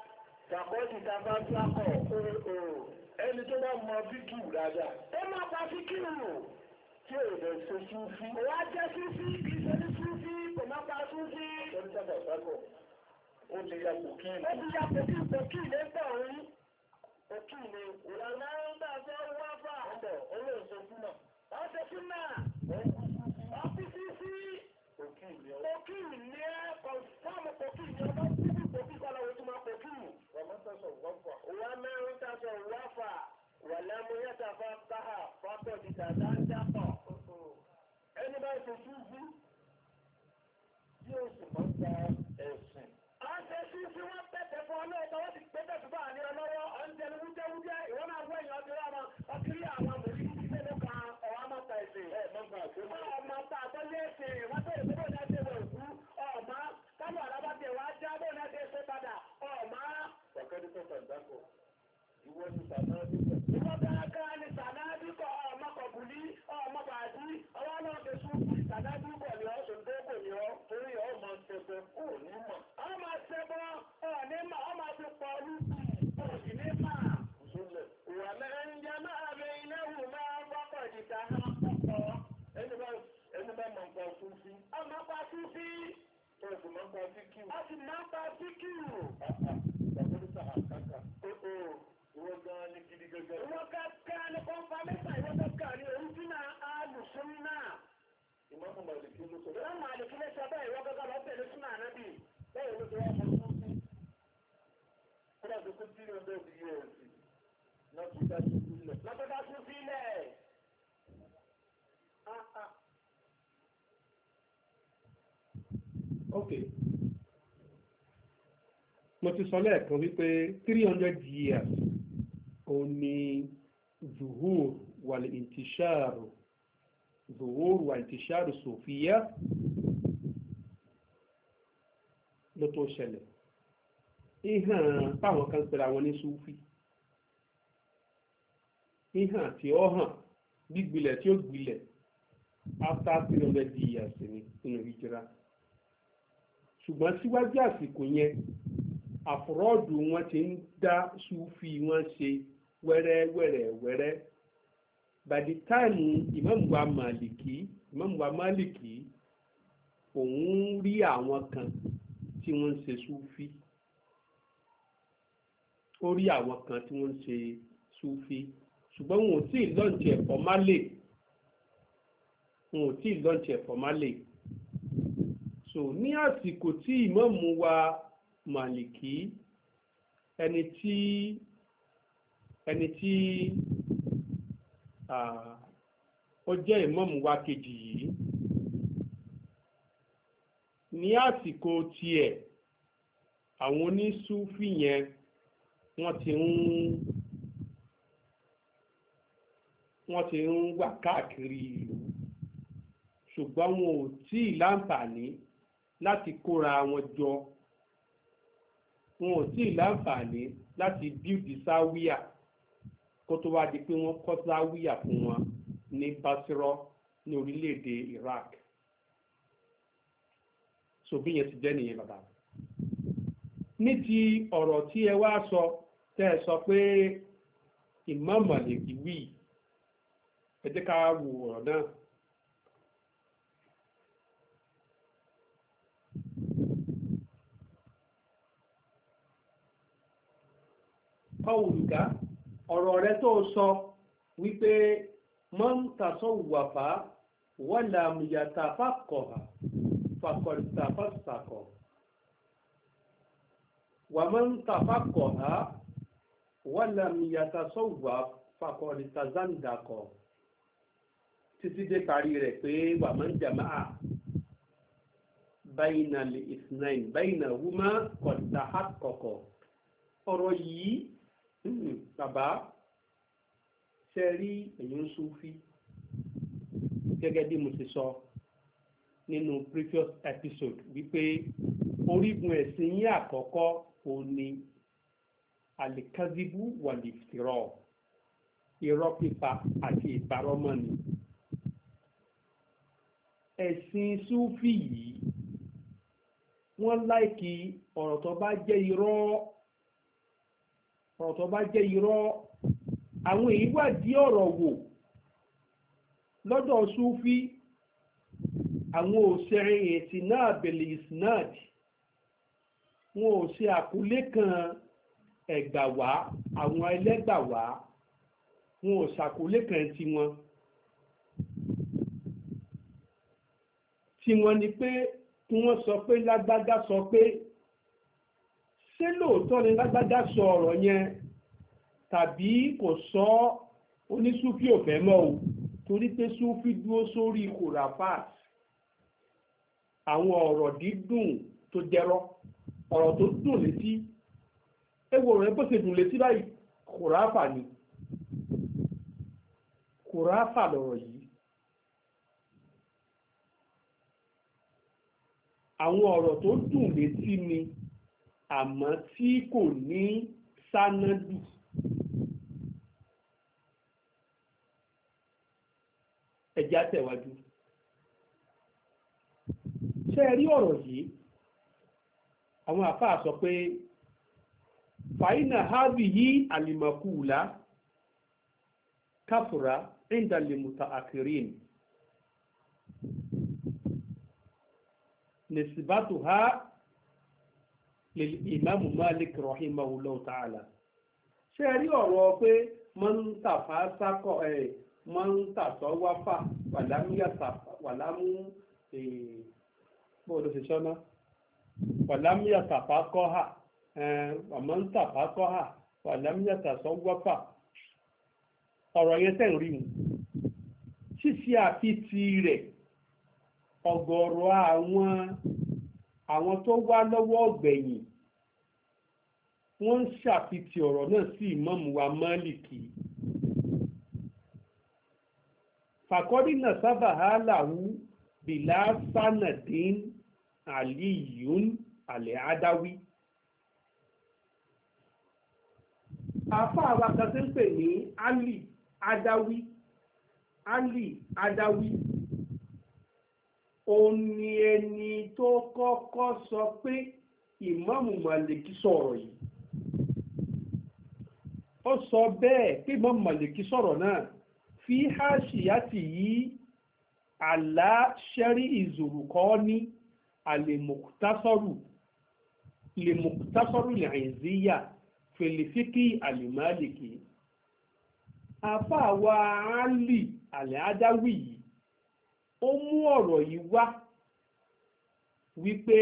tàkọ́jì tàbá sákọ̀ ooo ẹni tó bá mọ fíkì rárá ó máa pa fíkì rò tí ò lè ṣe súnfí. wá jẹ́ súnfí kì í ṣe ní súnfí kò má pa súnfí. ọ̀sẹ̀ ní sábà sákọ̀ ó lè ya kòkí. ó ti ya kòkí kòkí lẹ́gbọ̀n rí òkì ni ìlànà ẹ̀ńdà tó wá fà. ọ̀bọ̀ olóòṣè súnà. ọ̀ṣẹ̀ súnà. ọ̀kú sí sí. òkì ni ẹ kọ̀ọ̀fọ́ọ̀mù òkì ni ọ غفا وما انتصر وفى ولم يتفقه فقد تصدق ẹni bá ṣe ṣíṣí yóò sì mọ́ gba ẹ̀sìn. a ṣe ṣíṣí wọ́n pẹ̀tẹ̀ fún ọ lóòótọ́ wọ́n ti pẹ́tẹ̀ tó bá ní ọlọ́wọ́ ọ̀njẹ́ni wújẹ́wújẹ́ ìwọ́n máa wọ èèyàn ọdún ọmọ ọkùnrin àwọn mòlíkì tí mélòó kan ọ̀wá ẹ̀sìn. ọmọ ìwọ ni sànádìkọ̀. ìwọ a ká ní sànádìkọ̀ ọmọkọ̀bùlí ọmọbàdí ọwọ́ náà ti sún sànádìkọ̀ ni ọ́ sọ̀dọ́kọ̀ ni ọ́ torí ọ́ máa ṣẹbọ kò ní mọ̀. ọ́ máa ṣẹbọ ọ̀ ní mọ̀ ọ́ máa ti pọ̀ ọlú kò sì ní mà. ìwà mẹ́rin jẹ́ máa bẹ ilé wù máa wọ́pọ̀ ìdìtà ẹni bá máa ń pa fúnfín. ọmọ pa fúnfín. ọ̀sùn ọ̀sùn máa ń pa fíkìrù. ìmáàmù màlìkì ló sọ bẹ́ẹ̀ ok mo ti sọ lẹ́ẹ̀kan wípé three hundred years òun ni zuhur wal intisharu. ظهور وانتشار الصوفية ló tó ṣẹlẹ̀ ìhàn táwọn kan pera wọn ní súfì ìhàn tí ó hàn gbígbilẹ̀ tí ó gbilẹ̀ after three hundred years ni nínú hijira ṣùgbọ́n síwájú àsìkò yẹn àfúrọ́ọ̀dù wọn ti ń dá súfì wọn ṣe wẹ́rẹ́wẹ́rẹ́ wẹ́rẹ́ by the time ìmáàmù wa màlìkì ìmáàmù wa màlìkì òun rí àwọn kan tí wọ́n ń ṣe súfí ó rí àwọn kan tí wọ́n ń ṣe súfí ṣùgbọ́n wọn ò tí ì lọ́ǹtì ẹ̀fọ́ málè wọn ò tí ì lọ́ǹtì ẹ̀fọ́ málè so ní àsìkò tí ìmáàmù wa màlìkì ẹni tí ẹni tí ó jẹ́ ìmọ̀mù wa kejì yìí ní àsìkò tiẹ̀ àwọn onísúfì yẹn wọ́n ti ń wọ́n ti ń wà káàkiri ìlú ṣùgbọ́n wọn ò tí ì láǹfààní láti kóra wọn jọ wọn ò tí ì láǹfààní láti bíúdì sáwíà kó tó wá di pé wọ́n kọ́ záwíyà fún wọn ní basirọ́ ní orílẹ̀-èdè Iraq so bí yẹn ti jẹ́ nìyẹn bàbá ní ti ọ̀rọ̀ tí ẹ wá sọ tẹ́ ẹ sọ pé Imam Maliki ẹ jẹ́ ká wo ọ̀rọ̀ náà. قولك ọ̀rọ̀ rẹ tó sọ wípé mọ́ntàsọ́ wàfà wọ́là mìyàtà fàkọ̀hà fàkọ̀tà fàṣàkọ̀ wà mọ́ntà fàkọ̀hà wọ́là mìyàtà sọ́wà fàkọ̀tà zandakọ̀ títí dé parí rẹ̀ pé wà mọ́ntà máa báyìí na lè kọ̀tà hàkọ̀kọ̀ ọ̀rọ̀ yìí Hmm, bàbá ṣe rí ẹ̀yin Sufi gẹ́gẹ́ bí mo ti sọ nínú previous episode wípé orígun ẹ̀sìn yín àkọ́kọ́ ò ní alikazibu wàlìfìrọ irọ́ pípa àti ìparọ́mọ́ni ẹ̀sìn Sufi yìí wọ́n láìkí ọ̀rọ̀ tó bá jẹ́ irọ́ ọ̀rọ̀ tó bá jẹ́ irọ́ àwọn èyí wádìí ọ̀rọ̀ wò lọ́dọ̀ súfí àwọn òṣèré ètì náà bèlè ìsìnáàdì wọn ò ṣe àkúlé kan ẹ̀gbà àwọn ẹlẹ́gbà wọn ò ṣàkúlé kan tiwọn tiwọn ni pé kí wọ́n sọ pé lágbága sọ pé ṣé lóòótọ́ ni lágbájá sọ ọ̀rọ̀ yẹn tàbí kò sọ oníṣúfì òfẹ́ mọ́ o torí pé súfì dúró sórí kòràfàt àwọn ọ̀rọ̀ dídùn tó jẹrọ ọ̀rọ̀ tó dùn létí ewo rẹ̀ bó ṣe létí báyìí kòràfà ni kòràfà lọ̀rọ̀ yìí àwọn ọ̀rọ̀ tó dùn létí ni àmọ́ tí kò ní sánádù ẹ̀já tẹ̀wájú ṣé ẹ rí ọ̀rọ̀ yìí àwọn àfáà sọ pé fàínà hábì yí àlìmọ̀kùlá káfùrá ìndàlèmùtà àkìrín nìsìbátù ha ìmáàmù Malik rahimahullah ta'ala ṣé ẹ rí ọ̀rọ̀ pé mọ́ńtàfà sákọ̀ ẹ̀ mọ́ńtàtọ̀ wáfà wàlámúyàtà wàlámú bó ló ṣe sọ́nà wàlámúyàtà fàkọ́hà mọ́ńtàfà kọ́hà wàlámúyàtà sọ́wọ́fà ọ̀rọ̀ yẹn tẹ̀ ń rí mu ṣíṣe àfitì rẹ̀ ọ̀gọ̀ọ̀rọ̀ àwọn àwọn tó wá lọ́wọ́ ọ̀gbẹ̀yìn wọ́n ń ṣàfitì ọ̀rọ̀ náà sí ìmọ̀mù wa Málìkì fàkọ́dínà sábà hàlàwú bìlà sànàdín àlìyún àlẹ́ àdáwí. àfa àwa kan ti ń pè ní Ali Adáwí Ali Adáwí òun ni ẹni tó kọ́kọ́ sọ pé ìmáàmù màlìkí sọ̀rọ̀ yìí ó sọ bẹ́ẹ̀ pé ìmáàmù màlìkí sọ̀rọ̀ náà fi háṣíyàtì yìí aláṣẹ́rí ìzòrùkọ́ ní àlèmọ̀kútásọ́rù lèmọ̀kútásọ́rù lẹ́yìnzíyà fèlèfíkì àlèmálìkì afáwa áńlì àlẹ́ adáwì yìí ó mú ọ̀rọ̀ yìí wá wípé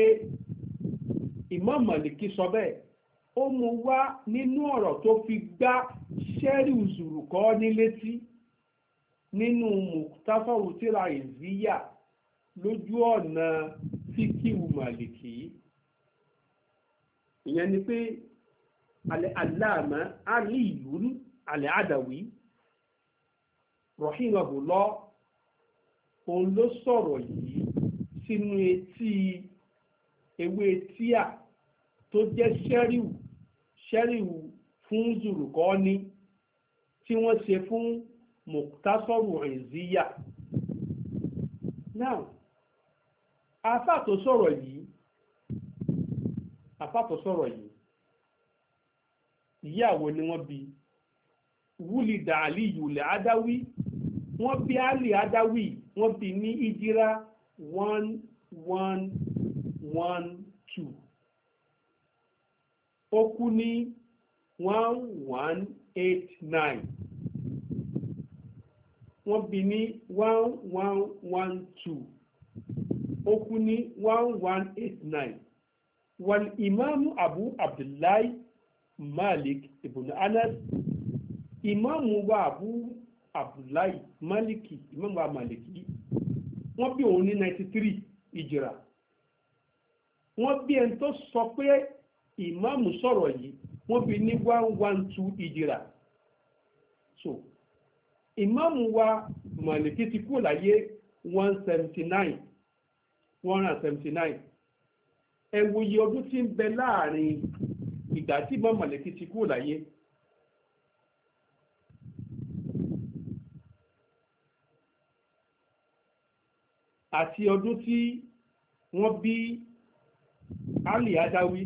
Imam sọ bẹ́ẹ̀ ó mú wá nínú ọ̀rọ̀ tó fi gbá sẹ́rí ùzùrù kọ́ ní létí nínú mùtáfáwù tíra ìzíyà lójú ọ̀nà fíkìwù Màlìkí ìyẹn ni pé Ali Alí Àdàwí òun ló sọ̀rọ̀ yìí sínú etí ewé tíà tó jẹ́ ṣẹ́ríwù ṣẹ́ríwù fún zùrùkọ́ni tí wọ́n ṣe fún mùtásọ́rù ẹ̀ǹzíyà. now afa tó sọ̀rọ̀ yìí afa tó sọ̀rọ̀ yìí ìyàwó ni wọ́n bí wúlì dàálì yùlẹ̀ adáwí wọ́n bí àlì adáwí yìí wọ́n bí ní ìjírá one one one two ó kú ní one one eight nine wọ́n bí ní one one one two ó kú ní one one eight nine wal ìmáàmù abu abdullahi malik ibn anas ìmáàmù wa abu abdullahi maliki imamu amaliki wọ́n bí òun ní ninety three ìjìrà wọ́n bí ẹni tó sọ pé ìmáàmù sọ̀rọ̀ yìí wọ́n bí ní one one two ìjìrà so ìmáàmù wa maliki ti kú láyé one seventy nine one and seventy nine ẹ wòye ọdún tí ń bẹ láàrin ìgbà tí ìmáàmù maliki ti kú láyé àti ọdún tí wọ́n bí Ali Adawi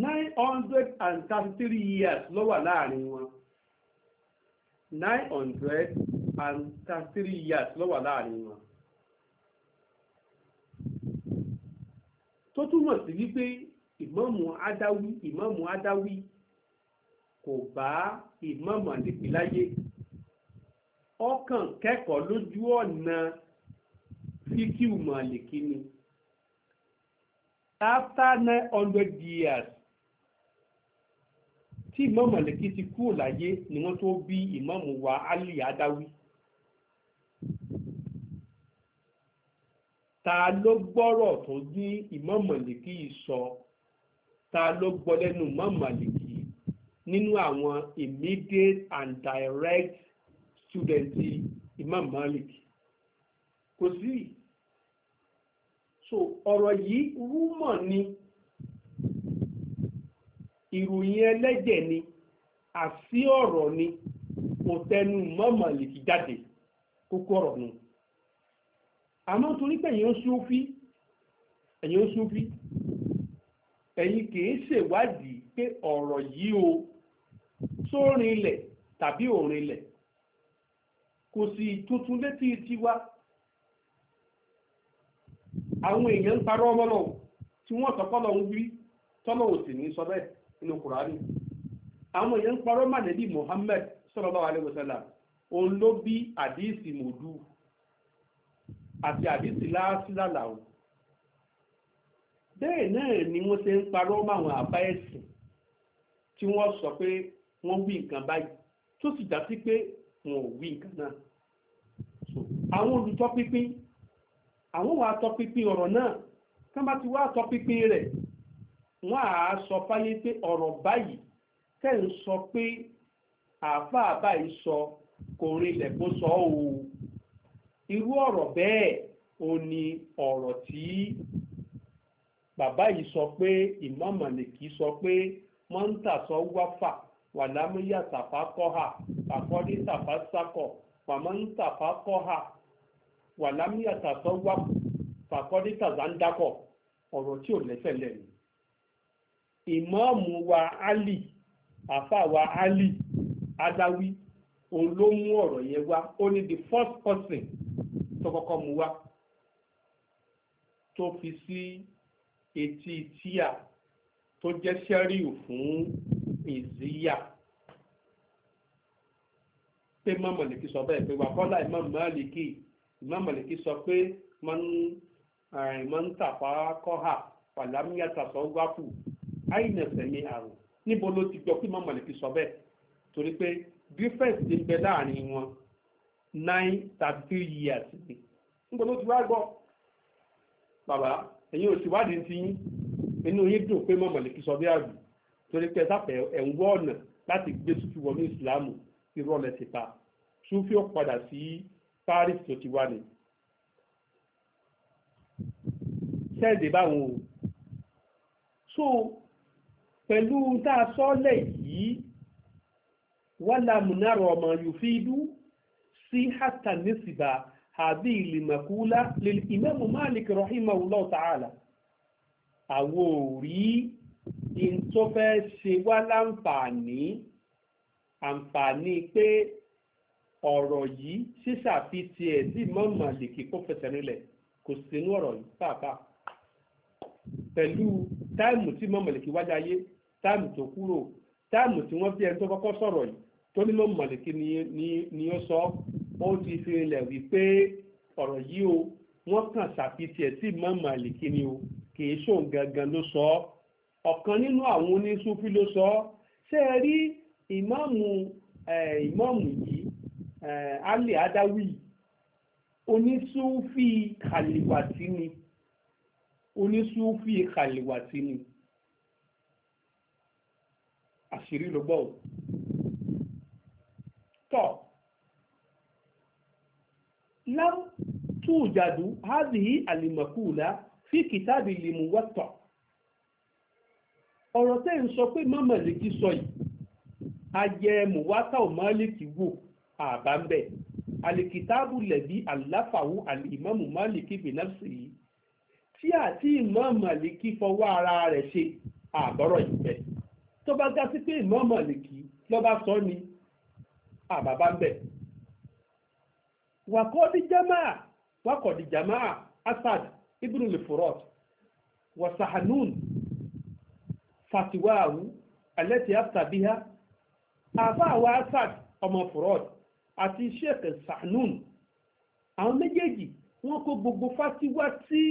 nine hundred and thirty three years ló wà láàrin wọn nine hundred and thirty three years ló wà láàrin wọn. tó túmọ̀ sí wípé ìmáàmù Adáwí ìmáàmù Adáwí kò bá ìmọ̀mọ̀ nípì láyé ọkàn kẹ́kọ̀ọ́ lójú ọ̀nà fíkìú màlìkí ni after nine hundred years tí ìmọ̀mọ̀ màlìkí ti kúrò láyé ni wọ́n tó bí ìmọ̀mọ̀ wa Ali Adawi ta ló gbọ́rọ̀ tó ní ìmọ̀mọ̀ màlìkí sọ ta ló gbọ́ lẹ́nu ìmọ̀mọ̀ màlìkí nínú àwọn immediate and direct student Imam Malik kò sí so ọ̀rọ̀ yìí rúmọ̀ ni ìròyìn ẹlẹ́jẹ̀ ni àti ọ̀rọ̀ ni kò tẹnu Imam Malik jáde kókó ọ̀rọ̀ nù àmọ́ torí pé ẹ̀yin Súfí ẹ̀yin Súfí ẹ̀yin kìí ṣèwádìí pé ọ̀rọ̀ yìí o. sórin ilẹ̀ tàbí òrin ilẹ̀ kò sì tuntun létí tiwa àwọn èèyàn ń parọ́ ọmọ tí wọ́n sọ ń wí tọ́lọ̀ ò ní sọ bẹ́ẹ̀ nínú kùránì àwọn èèyàn ń parọ́ mànẹ́bí Muhammad sallallahu alaihi òun ló bí àdíìsì mòdú àti àdíìsì bẹ́ẹ̀ náà ni wọ́n ṣe ń parọ́ máwọn àbá ẹ̀sìn wọ́n wí nǹkan báyìí tó sì já sí pé wọn ò wí nǹkan náà àwọn olùtọpinpin àwọn wàá tọpinpin ọ̀rọ̀ náà kán bá ti wá tọpinpin rẹ̀ wọ́n á sọ fáyé pé ọ̀rọ̀ báyìí tẹ́ ń sọ pé àáfàá báyìí sọ kò rinlẹ̀ kó sọ ọ́ o irú ọ̀rọ̀ bẹ́ẹ̀ o ní ọ̀rọ̀ tí bàbá yìí sọ pé ìmọ̀mọ̀lẹ̀ kì í sọ pé mọ́ńtà sọ wáfà wàlámúyà tàfákọ́hà àkọ́dé tàfásákọ̀ pàmọ́ ń tàfákọ́hà wàlámúyà tàfáwákù fàkọ́dé tàzáńdákọ̀ ọ̀rọ̀ tí ò lẹ́sẹ̀ lẹ́nu. ìmáàmù wa ali àfáà wa ali adáwí òun ló mú ọ̀rọ̀ yẹn wá ó ní the first person tó kọ́kọ́ mú wá tó fi sí etí tíà tó jẹ́ sẹ́ríù fún ìzíyà pé Imam Málíkì sọ bẹ́ẹ̀ pé wàkọ́lá Imam Málíkì Imam Málíkì sọ pé man eh, tafaqaha falam yatasawwafu ayna sami'ahu níbo ló ti gbọ́ pé Imam Málíkì sọ bẹ́ẹ̀ torí pé difference ti ń bẹ láàrin wọn nine thirty three years ni níbo ló ti wá gbọ́ bàbá ẹ̀yin òṣìwádìí ti yín inú yín dùn pé Imam Málíkì sọ bí àgbù torí pé sáfẹ́ ẹ̀ ń wọ́ ọ̀nà láti gbé sufi wọnú ìsìláàmù irú ọ̀nà ti pa sufi ó padà sí Paris tó ti wá ni. sẹ́ẹ̀dì báwọn o so pẹ̀lú tá a sọ́lẹ̀ yìí wàlá múnárọ̀ ọmọ yòfídú sí hàtà nísìbà àbí ìlìmọ̀kúlá lil Imam Malik rahimahullah ta'ala àwọn ò rí in tó fẹ́ ṣe wá láǹfààní àǹfààní pé ọ̀rọ̀ yìí ṣíṣàfitì ẹ̀ sí mọ́mọ́ àlèkè kó fẹsẹ̀ nílẹ̀ kò sí inú ọ̀rọ̀ yìí pàápàá pẹ̀lú táìmù tí mọ́mọ́ àlèkè wájà yé táìmù tó kúrò táìmù tí wọ́n fi ẹni tó kọ́kọ́ sọ̀rọ̀ yìí tó ní mọ́mọ́ àlèkè ni ó sọ ó ti fi rinlẹ̀ wípé ọ̀rọ̀ yìí o wọ́n kàn ṣàfitì ẹ̀ sí mọ́mọ́ àlèkè ni o kì í ṣòun ló sọ ọ́ ọ̀kan nínú àwọn oníṣúfí ló sọ ṣé ẹ rí ìmáàmù ìmáàmù yìí Ali Adawi oníṣúfí kàlìwàtí ni oníṣúfí kàlìwàtí ni àṣírí ló gbọ́ ò tọ́ lam tújàdù hádìí àlìmọ̀kúùlá fi kìtàbí limuwatta ọ̀rọ̀ tẹ́ ń sọ pé mọ́mọ́ lè ti sọ yìí ayẹ mùwátà ò má lè ti wò àbá ń bẹ̀ alìkìtàbù lẹ̀bí àláfàwù àlìmọ́mù málìkì bìnàfsì yìí tí àti ìmọ̀ọ́mù àlìkì fọwọ́ ara rẹ̀ ṣe àbọ̀rọ̀ ìfẹ́ tó bá dá sí pé ìmọ̀ọ́mù àlìkì lọ́ba sọ ni àbàbá ń bẹ̀. wàkọ́dí jamaa wàkọ́dí jamaa asad ibn lifurot wasahanun fatiwaahu alẹ́tì aftabiha àfáà wa asad ọmọ furod àti sheikh sahnun àwọn méjèèjì wọ́n kó gbogbo fatiwa tí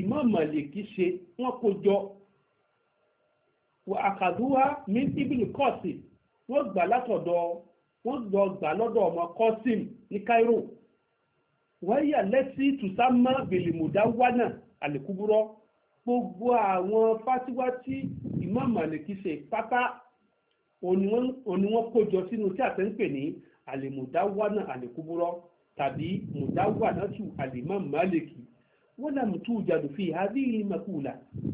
Imam Maliki ṣe wọ́n kó jọ wà àkàdúrà ní ibùdó kọ́ọ̀sì wọ́n gbà látọ̀dọ̀ wọ́n lọ gbà lọ́dọ̀ ọmọ kọ́sìm ní Cairo wáyà lẹ́tí tùsámà bèlèmùdá wánà àlèkúburọ́ gbogbo àwọn fásiwá tí Imam Maliki ṣe pátá òní wọ́n kójọ sínú tí àtẹ́ ń pè ní àlèmùdáwánà àlèkúbúrọ́ tàbí mùdáwánàtù àlèmọ́m Maliki wọ́n làm tú ìjàdù fi àbí ìmọ̀kùlà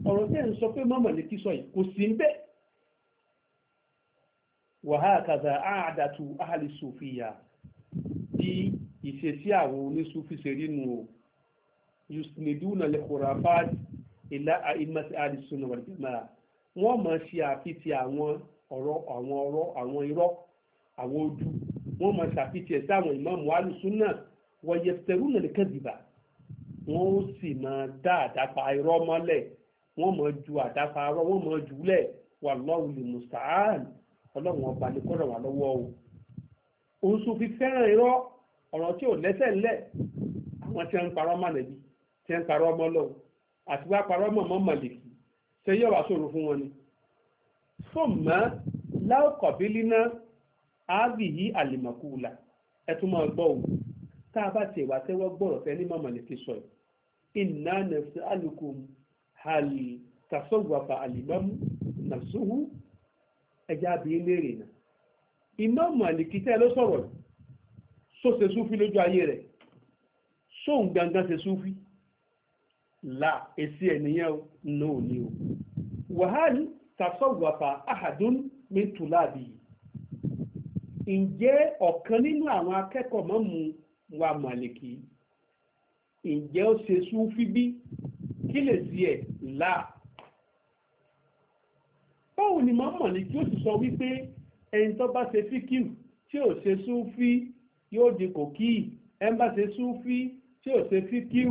ọ̀rọ̀ tẹ́ ń sọ pé Imam Maliki sọ yìí kò sí ń bẹ́ẹ̀ wàhákàtà àádàtù ahàlì sòfìyà bí ìṣesí àwọn oníṣúfì ṣe rí nù yusniduna lè ìlà àìmọ̀sí àdìsúnà wàlìjàmá wọ́n máa ṣe àfitì àwọn ọ̀rọ̀ àwọn ọ̀rọ̀ àwọn irọ́ àwọn ojú wọ́n máa ṣàfitì ẹ̀ sáwọn ìmáàmù àdìsúnà wọ́n yẹ fẹ́rù nàlẹ́ kẹ́dìbà wọ́n ó sì máa dá àdápa irọ́ mọ́lẹ̀ wọ́n máa ju àdápa irọ́ wọ́n máa jùlẹ̀ wallahu lil musta'an ọlọ́run ọba ní kọ́rọ̀ wà lọ́wọ́ o òun fi fẹ́ràn irọ́ ọ̀rọ̀ tí ò lẹ́sẹ̀ ńlẹ̀ àwọn tí wọ́n ń parọ́ mọ́ Ànábì tí wọ́n ń parọ́ mọ́ Ọlọ́run àti wá parọ́ mọ̀ mọ́ màlìkì ṣe yóò wá ṣòro fún wọn ni. fún mọ́ láòkọ̀bílí náà áàbì yí àlìmọ̀kúùlà ẹ tún máa gbọ́ òun tá a bá tiẹ̀ wá tẹ́wọ́ gbọ́rọ̀ fẹ́ ní mọ̀ màlìkì sọ ẹ̀ iná nẹ̀fẹ́ àlùkùn àlì tàṣọ̀wàfà àlìmọ́mú nàṣúhù ẹja bíi léèrè náà iná màlìkì tẹ́ ló sọ̀rọ̀ sóṣe súfí lójú ayé rẹ̀ sóun gangan ṣe súfí la èsì ẹ̀nìyàn náà ni o wàhálì tasọ́wọ́fà ahadun min tùláàbì ǹjẹ́ ọ̀kan nínú àwọn akẹ́kọ̀ọ́ mu wa maliki. ǹjẹ́ o ṣe súnfí bi kí lè sí ẹ̀ là báwo ni màá màlìkì ó sì sọ wípé ẹni tó bá ṣe fíkìú tí ò ṣe súnfí yóò di kòkí ẹ̀ bá ṣe súnfí tí ò ṣe fíkìú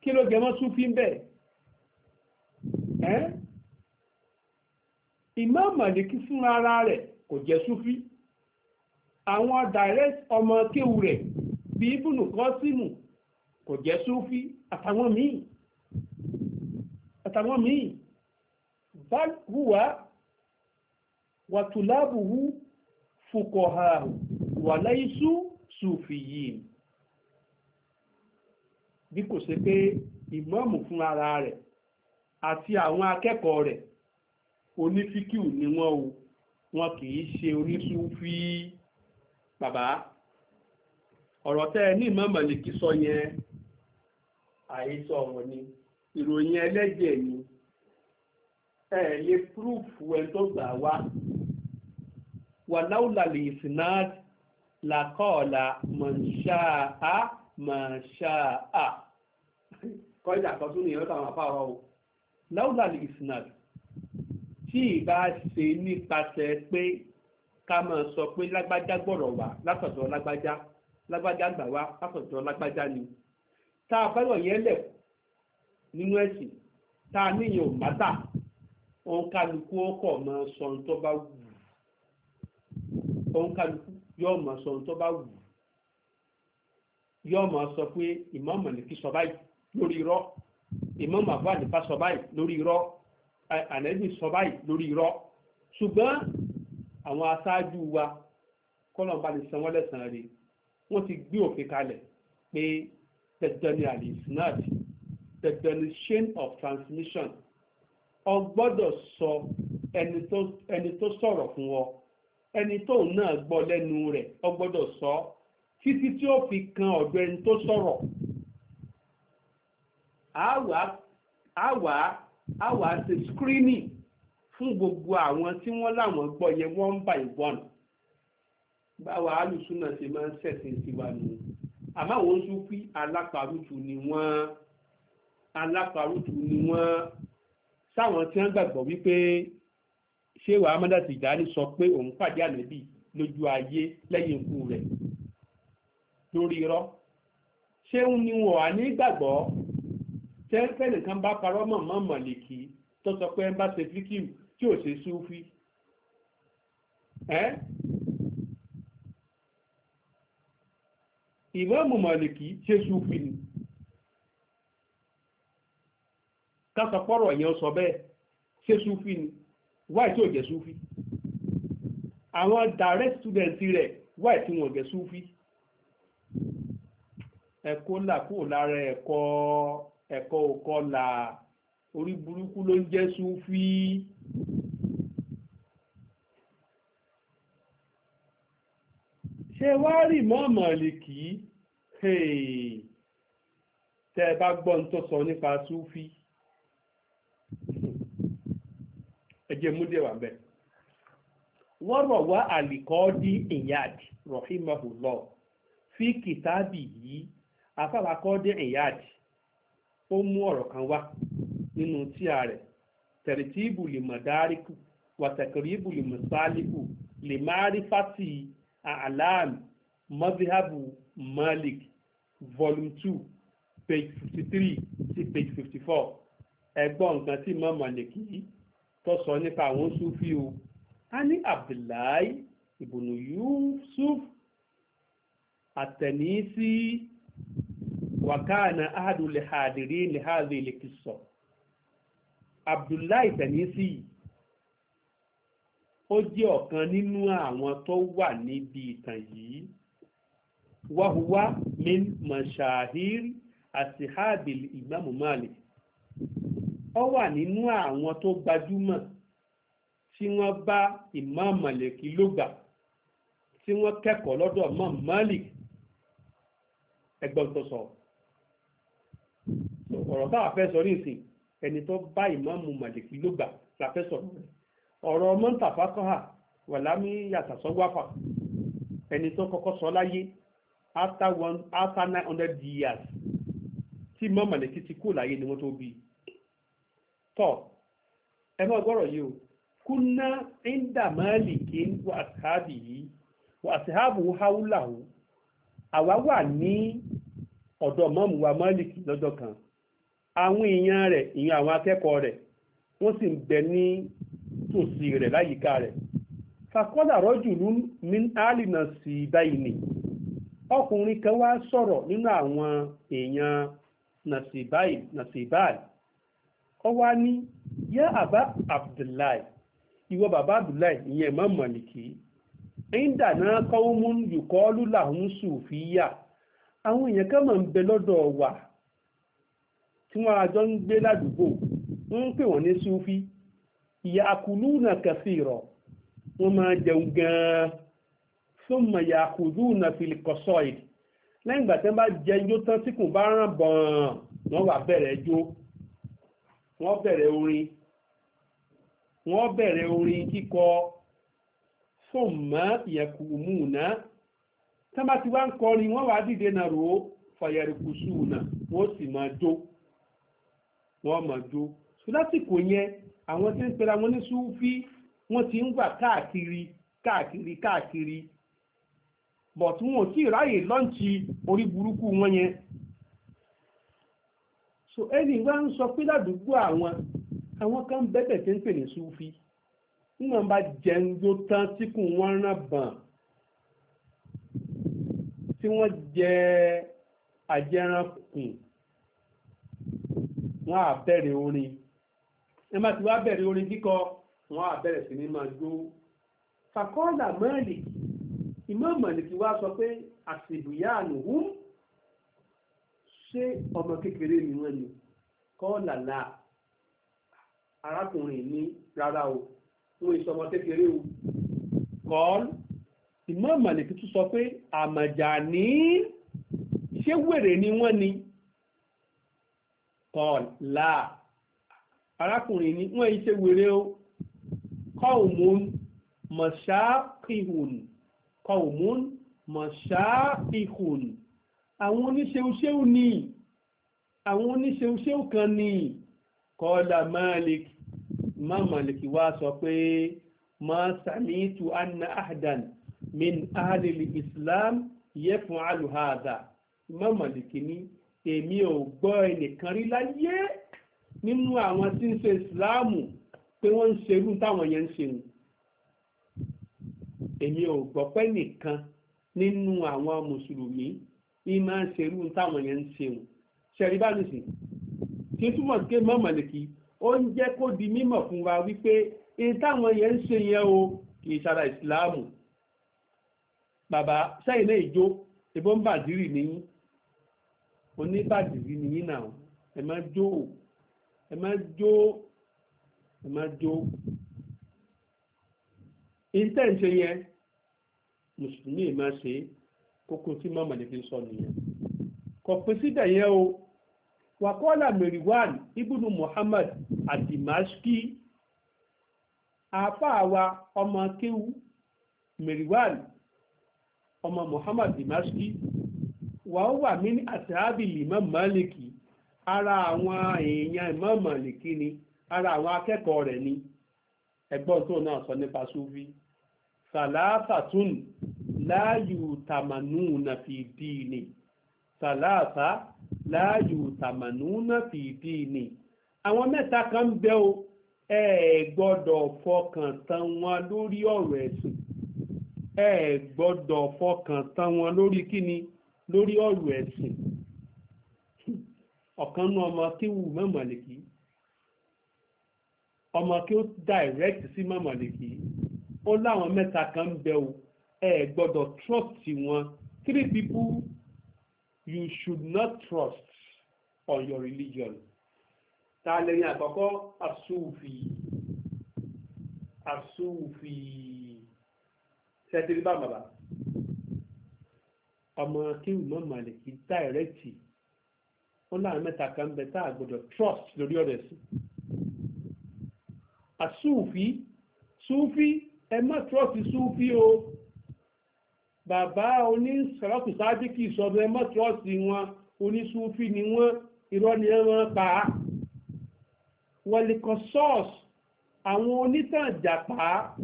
kí ló jẹmọ́ súfí ń bẹ̀ ẹ́ Imam Malik fúnra ara rẹ̀ kò jẹ́ súfí àwọn direct ọmọ kéwù rẹ̀ bíi ibùnú kọ́símù kò jẹ́ súfí àtàwọn míì àtàwọn míì bal huwa wàtúláàbùhù fukọ̀hà wàláìsú sùfìyìn bí kò ṣe pé ìmọ̀ọ̀mù fún ara rẹ̀ àti àwọn akẹ́kọ̀ọ́ rẹ̀ onífíkìú ni wọ́n o wọn kì í ṣe onísúfí bàbá ọ̀rọ̀ tẹ́ ẹ ní ìmọ̀ọ̀mọ̀lìkì sọ yẹn àhesọ ọ̀rọ̀ ni ìròyìn ẹlẹ́jẹ̀ ni ẹ lè púrúfù ẹ tó gbà wá wàláwùlà lè sìnáàdì làkọ́ọ̀là mọ̀nṣáà á màṣáà kọ́ńtà kan tún nìyẹn lọ́tàwọn àfáàrọ̀ o láwùlà lè isnad tí ìbá ṣe nípasẹ̀ pé ká máa sọ pé lágbájá gbọ́rọ̀ wá látọ̀dọ̀ lágbájá lágbájá gbà wá látọ̀dọ̀ lágbájá ni tá a fẹ́ràn yẹn lẹ̀ nínú ẹ̀sìn tá a níyàn ò mátà òǹkàlùkù ọkọ̀ máa sọ ohun tó bá wù òǹkàlùkù yóò máa sọ ohun tó bá wù yóò máa sọ pé Imam Málíkì sọ báyìí lórí irọ́ Imam Abu Hanifa sọ báyìí lórí irọ́ Ànábì sọ báyìí lórí irọ́ ṣùgbọ́n àwọn aṣáájú wa kọ́lọ̀mbá lè san wọ́n lẹ́sàn-án rẹ̀ wọ́n ti gbé òfin kalẹ̀ pé dandan ni al-isnad dandan ni chain of transmission o gbọ́dọ̀ sọ ẹni tó sọ̀rọ̀ fún ọ ẹni tóun náà gbọ́ lẹ́nu rẹ̀ o gbọ́dọ̀ sọ ọ́ títí tí ó fi kan ọ̀dọ̀ ẹni tó sọ̀rọ̀ àwa àwa ṣe screening fún gbogbo àwọn tí wọ́n láwọn gbọ́ yẹn one by one báwa alùsùnà ṣe máa ń ṣẹ̀sìn tiwa nù àmọ́ àwọn oṣù pí alápàrútù ni wọ́n alápàrútù ni wọ́n sáwọn tí wọ́n gbàgbọ́ wípé ṣé wàá mọ́dà tìjà sọ pé òun pàdé ànábì lójú ayé lẹ́yìn ikú rẹ̀ lórí irọ́ ṣé ń ni wọ́n á ní gbàgbọ́ tẹ́ńpẹ́ nìkan bá parọ́ mọ̀ mọ́ mọ̀lìkì tó sọ pé ń bá ṣe fíkìm tí ò ṣe súfì ìmáàmù mọ̀lìkì ṣe súfì ni kásọpọ̀rọ̀ yẹn sọ bẹ́ẹ̀ ṣe súfì ni wáì tí ò jẹ́ súfì àwọn direct student rẹ̀ wáì tí wọ́n jẹ́ súfì ẹ̀kọ́ là kúrò lára ẹ̀kọ́ ẹ̀kọ́ òkọlà orí burúkú ló ń jẹ́ súfí. ṣé wá rí mọ́ọ̀mọ̀ lè kí tẹ́ ẹ bá gbọ́ ń tó sọ nípa súfí ẹjẹ múdẹ wà bẹ́ẹ̀ wọ́n rọ̀ wá àlìkọ́ọ́dí ìyáàdì rahimahullah fi kìtàbì yìí afáwa kọ́dé ìyáàdì ó mú ọ̀rọ̀ kan wá nínú tíà rẹ̀ tẹ̀rìtìbù lè mọ̀ dáríkù wàtẹ̀kìrìbù lè mọ̀ sálíkù lè má rí fásì àlàm mọ́síhábù malik volume two page fifty three sí page fifty four ẹgbọ́n nǹkan tí mọ́ mọ̀lẹ́kì tó sọ nípa àwọn sufi o a ní abdullahi ibùnú yusuf àtẹ̀ní sí wàkánà ahadu lihadiri lihazi likisọ abdullahi tẹ̀mísì ó jẹ́ ọ̀kan nínú àwọn tó wà níbi ìtàn yìí wahuwa min mashahir asihabil imamu malik ó wà nínú àwọn tó gbajúmọ̀ tí wọ́n bá imam malik lógbà tí wọ́n kẹ́kọ̀ọ́ lọ́dọ̀ imam malik ẹgbọ́n tó sọ̀rọ̀. ọ̀rọ̀ táwa fẹ́ sọ ní ìsìn ẹni tó bá ìmáàmù màlìkì ló gbà la fẹ́ sọ̀rọ̀ rẹ̀ ọ̀rọ̀ mọ́ntàfà kọ́hà wà lámì yàtà sọ́gbàfà ẹni tó kọ́kọ́ sọ láyé after nine hundred years tí mọ́ màlìkì ti kú láyé ni wọ́n tó bí tọ́ ẹ mọ́ gbọ́rọ̀ yìí o kúnná ẹ̀ńdà màlìkì wà yìí wà sáàbù haúláhù àwa wà ní ọ̀dọ̀ wa lọ́jọ́ kan àwọn èèyàn rẹ̀ ìyẹn àwọn akẹ́kọ̀ọ́ rẹ̀ wọ́n sì ń bẹ ní tòsí rẹ̀ láyìíká rẹ̀ fàkọ́dà rọ́jù ló ní àlìnà sí báyìí ni ọkùnrin kan wá sọ̀rọ̀ nínú àwọn èèyàn nàṣìbáì ó wá ní yá àbá abdullahi ìwọ bàbá abdullahi ìyẹn mọ́ mọ̀lìkì ẹ̀yìndà náà sùn àwọn èèyàn kan máa ń bẹ lọ́dọ̀ wa tí wọ́n àjọ ń gbé ládùúgbò wọ́n ń pè wọ́n ní sufi ìyá akulu na kẹfì rọ̀ wọ́n máa jẹun gan-an fún mọ̀yà akulu na filikọ́sọ́ì lẹ́yìn ìgbà tí wọ́n bá jẹ ijó tán tí kò bá ràn bọ̀n wọ́n wà bẹ̀rẹ̀ ijó wọ́n bẹ̀rẹ̀ orin wọ́n bẹ̀rẹ̀ orin kíkọ fún mọ́ ìyẹ̀kù múùná tí wọ́n bá ti wá ń kọrin wọ́n wà á dìde náà rò ó fàyẹ̀rẹ̀kùsù wọ́n sì máa jó wọ́n mọ̀ jó so lásìkò yẹn àwọn tí ń pera wọn ní súfí wọ́n ti ń wà káàkiri káàkiri káàkiri bọ̀ tí wọn ò tí ì ráyè lọ́ǹtì orí burúkú wọn yẹn so ẹni wá ń sọ pé ládùúgbò àwọn àwọn kan bẹ́bẹ̀ tí ń pè ní súfí níwọ̀n bá jẹun yó tán tí kò wọ́n rán bàn tí wọ́n jẹ àjẹrànkùn wọ́n á bẹ̀rẹ̀ orin ẹ má ti wá bẹ̀rẹ̀ orin kíkọ wọ́n á bẹ̀rẹ̀ sí ní máa jó fàkọ́ọ̀là mẹ́ẹ̀lì ìmọ̀ọ́mọ̀ ni kí wá sọ pé àṣìbùyá àlùhùn ṣé ọmọ kékeré ni wọ́n ni kọ́ọ̀là là arákùnrin ní rárá o wọ́n èso ọmọ kékeré o kọ́ọ̀l ìmọ̀ọ́mọ̀ ni kí tún sọ pé àmàjà ní ṣé wèrè ni wọ́n ni kọ́ọ̀l láà arákùnrin ni wọ́n yìí ṣe wèrè o kọ́ọ̀mùn mọ̀ṣáàkìhùn kọ́ọ̀mùn mọ̀ṣáàkìhùn àwọn oníṣeúṣeú ni àwọn oníṣeúṣeú kan ni kọ́ọ̀lá malik máa malik wá sọ pé máa sàmìtù anna ni èmi ò gbọ́ ẹnìkan rí láyé nínú àwọn tí ń ṣe ìsìláàmù pé wọ́n ń ṣerú táwọn yẹn ń ṣe wù èmi ò gbọ́ pé nìkan nínú àwọn mùsùlùmí ní máa ń ṣerú táwọn yẹn ń ṣe wù ṣẹ̀rí bá nìsín kí túmọ̀ sí pé mọ̀mọ̀lẹ́kì ó ń jẹ́ kó di mímọ̀ fún wa wípé ní táwọn yẹn ń ṣe yẹn o kì í ṣara ìsìláàmù bàbá sẹ́yìn náà ìjó ìbọn bàdírì nìyí oníbàdìrí nìyí náà ẹ má jó ẹ má jó ẹ má jó ìtẹ̀ǹṣe yẹn mùsùlùmí ẹ má ṣe kókó tí mọ́mọ́lẹ́ fi sọ nìyẹn kò pín síbẹ̀ yẹn o wàkọ́lá mẹ̀rìwán ibùdó Muhammad àdìmáṣkì àáfàá wa ọmọ kéwú mẹ̀rìwán ọmọ Muhammad àdìmáṣkì wàá wà mí ní àtàbìlì Imam Málìkì ara àwọn èèyàn Imam ni ara àwọn akẹ́kọ̀ọ́ rẹ̀ ni ẹgbọ́n tó náà sọ nípa Súfì sàlásàtún láàyù tàmánú na fi dì ní sàlásà láàyù tàmánú na fi dì ní àwọn mẹ́ta kan ń bẹ o ẹ gbọ́dọ̀ fọkàn tán wọn lórí ọ̀rọ̀ ẹ̀sìn ẹ gbọ́dọ̀ fọkàn tán wọn lórí kíni lórí ọ̀rọ̀ ẹ̀sìn ọ̀kan nu ọmọ kéwù mọ́mọ́lẹ́kì ọmọ kí ó direct sí mọ́mọ́lẹ́kì ó láwọn mẹ́ta kan ń bẹ o ẹ gbọ́dọ̀ trust wọn three people you should not trust on your religion ta lẹ́yìn àkọ́kọ́ asúfì asúfì ṣẹ́tìrì bá bàbá ọmọ kíwù mọ́ màlìkì dáìrẹ́tì wọn láàrin mẹ́ta kan bẹ tá a trust lórí ọ̀rọ̀ ẹ̀sìn àsúfì súfì ẹ má trust súfì o bàbá onísọ̀rọ̀kù sáájú kì í sọ ọmọ ẹ má trust wọn onísúfì ni wọn irọ́ ni ẹ máa pa á wọlékọ sọ́ọ̀sì àwọn onítàn jàpá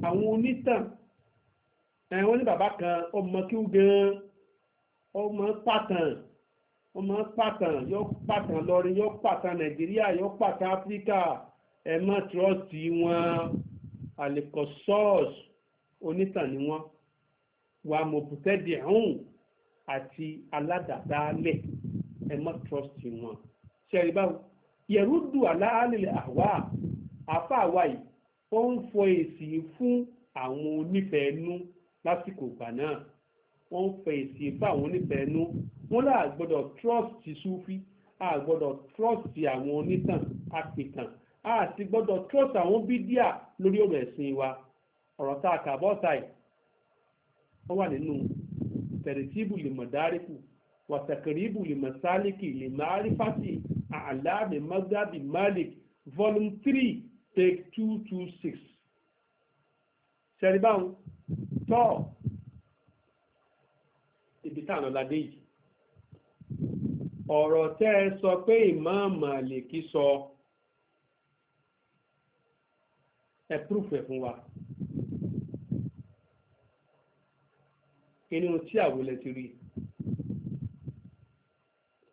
àwọn onítàn ẹ̀ wọ́n ní bàbá kan ọmọ kíwù gan ọmọ pàtàn ọmọ pàtàn yọ pàtàn lọrin yọ pàtàn nàìjíríà yọ pàtàn áfíríkà ẹ má tírọ́ọ̀tì wọn àlìkọ́sọ́ọ̀sì onítàn ni wọn wà mọ̀bùtẹ́dì hùn àti aládàdálẹ̀ ẹ má tírọ́ọ̀tì wọn ṣẹ́rí báwo yẹ̀rúdù aláàlẹ̀ àwa àfa àwa yìí ó ń fọ èsì fún àwọn onífẹ̀ẹ́nú lásìkò ìgbà náà wọ́n ń fẹ̀ èsì bá àwọn onífẹ̀ẹ́nú wọn láà gbọ́dọ̀ trust ti sufi a gbọ́dọ̀ trust ti àwọn onítàn apìtàn a sì gbọ́dọ̀ trust àwọn bídíà lórí ọ̀rọ̀ ẹ̀sìn wa ọ̀rọ̀ tá a kà bọ́ ta ẹ̀ wọ́n wà nínú tẹ̀rẹ̀tìbù lè mọ̀ dáríkù wàtàkìrìbù lè mọ̀ sálíkì lè mọ̀ àrífàtì àlàámi mọ́gàbí malik volume three take two two six ṣẹ̀rí báwọn tọ́ọ̀ ibi táwọn ládé yìí ọ̀rọ̀ tẹ́ ẹ sọ pé Imam Màlìkí sọ ẹ púrúfù ẹ̀ fún wa inú tí àwòlẹ̀ ti rí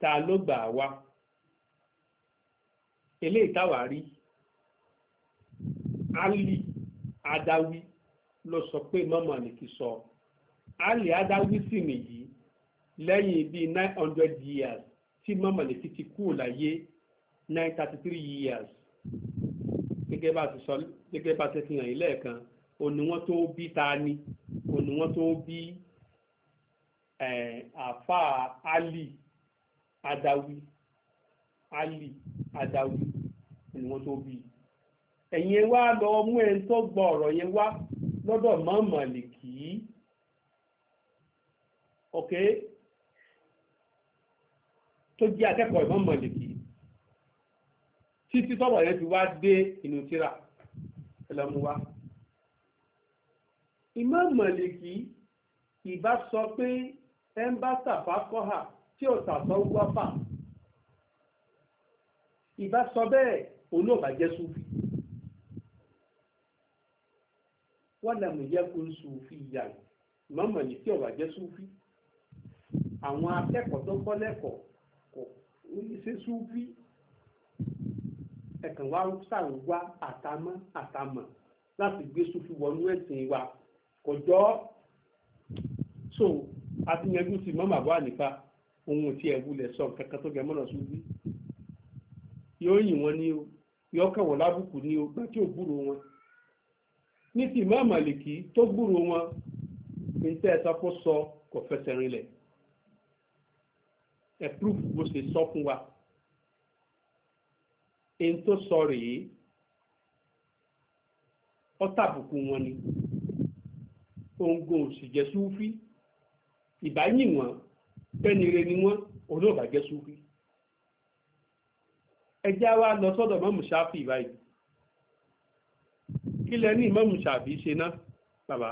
ta ló gbà wá eléyìí táwa rí Ali Adawi ló sọ pé Imam Màlìkí sọ Ali Adawi sì nìyí lẹ́yìn bíi nine hundred years tí mọ́mọ́lẹ́kì ti kú láyé nine thirty three years gẹ́gẹ́ bá ti sọ gẹ́gẹ́ bá ti fi hàn yín lẹ́ẹ̀kan òní wọ́n tó bí ta ni òní wọ́n tó bí àfa Ali Adawi Ali Adawi òní wọ́n tó bí ẹ̀yin ẹ wá lọ mú ẹ̀ tó gbọ́ ọ̀rọ̀ yẹn wá lọ́dọ̀ mọ́mọ́lẹ́kì ok tó jẹ́ akẹ́kọ̀ọ́ ìmọ̀ mọ̀lìkì títí tọ́rọ̀ yẹn ti wá dé inú tíra ẹlẹ́mu wá. ìmọ̀ mọ̀lìkì ìbá sọ pé ẹ ń bá tàbá kọ́hà tí ò tàbá wá fà ìbá sọ bẹ́ẹ̀ òun náà sùfì. wọ́n lẹ́mu yẹ kó sùfì yàrá ìmọ̀ mọ̀lìkì ọ̀bàjẹ́ sùfì àwọn akẹ́kọ̀ọ́ tó kọ́ lẹ́kọ̀ọ́ kò ṣe súfí ẹ̀kàn wá sàn wá àtàmọ́ àtàmọ́ láti gbé súfí wọnú ẹ̀sìn wa kò jọ so àtìyànjú ti mọ́ màbọ́ ànípa ohun tí ẹ̀wù lẹ̀ sọ kankan tó gẹ̀ mọ́nà súfí yóò yìn wọ́n ní o yóò kàn wọ́n lábùkù ní o gbà tí ò gbúrò wọn ní ti Imam Màlìkì tó gbúrò wọn ní tẹ́ ẹ sọ kó sọ kò fẹsẹ̀ rinlẹ̀ approve bó ṣe sọ fún wa èyí tó sọ rèé ọ́tàbùkù wọn ni òǹgò sì jẹ́ súfí ìbáyìn wọn pẹ́nire ni wọ́n olóòbá jẹ́ súfí ẹjẹ́ wa lọ sọ́dọ̀ mọ́mù ṣáfì báyìí kí lẹ ní mọ́mù ṣe náà bàbá.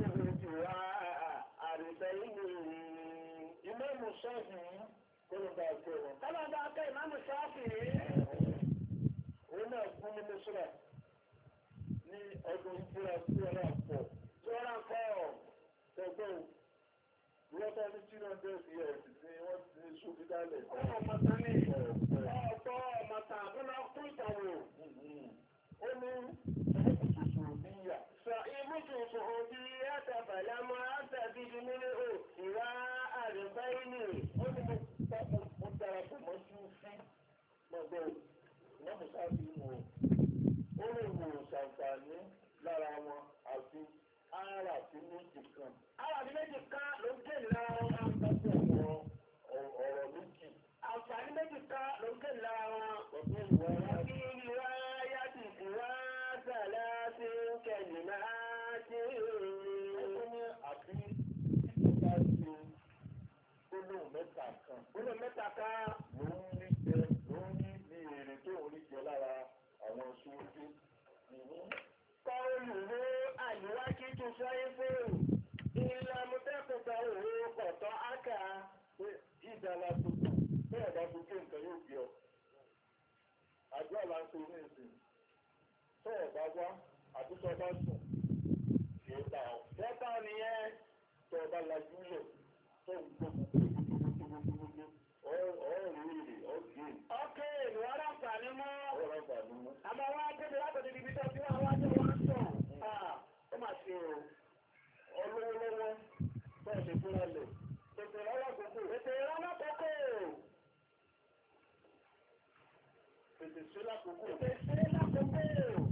Kò lè ṣe lákòókò. Kò lè ṣe lákòókò.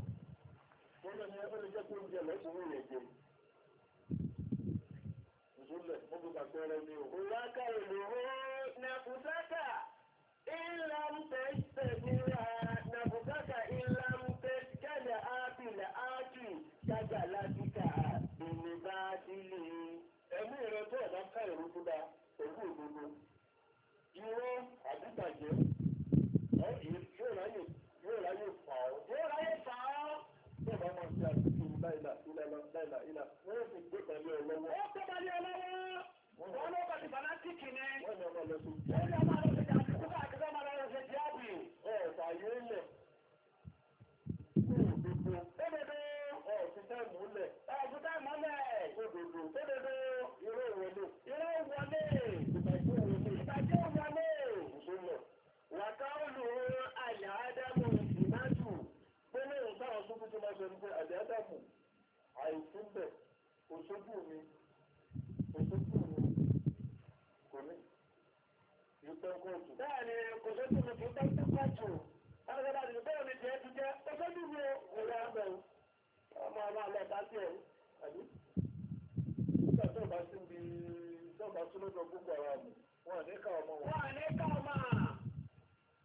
sí lọ́dọ̀ gbogbo àwọn àmì wọn ní ká ọmọ wọn. wọn ní ká ọmọ.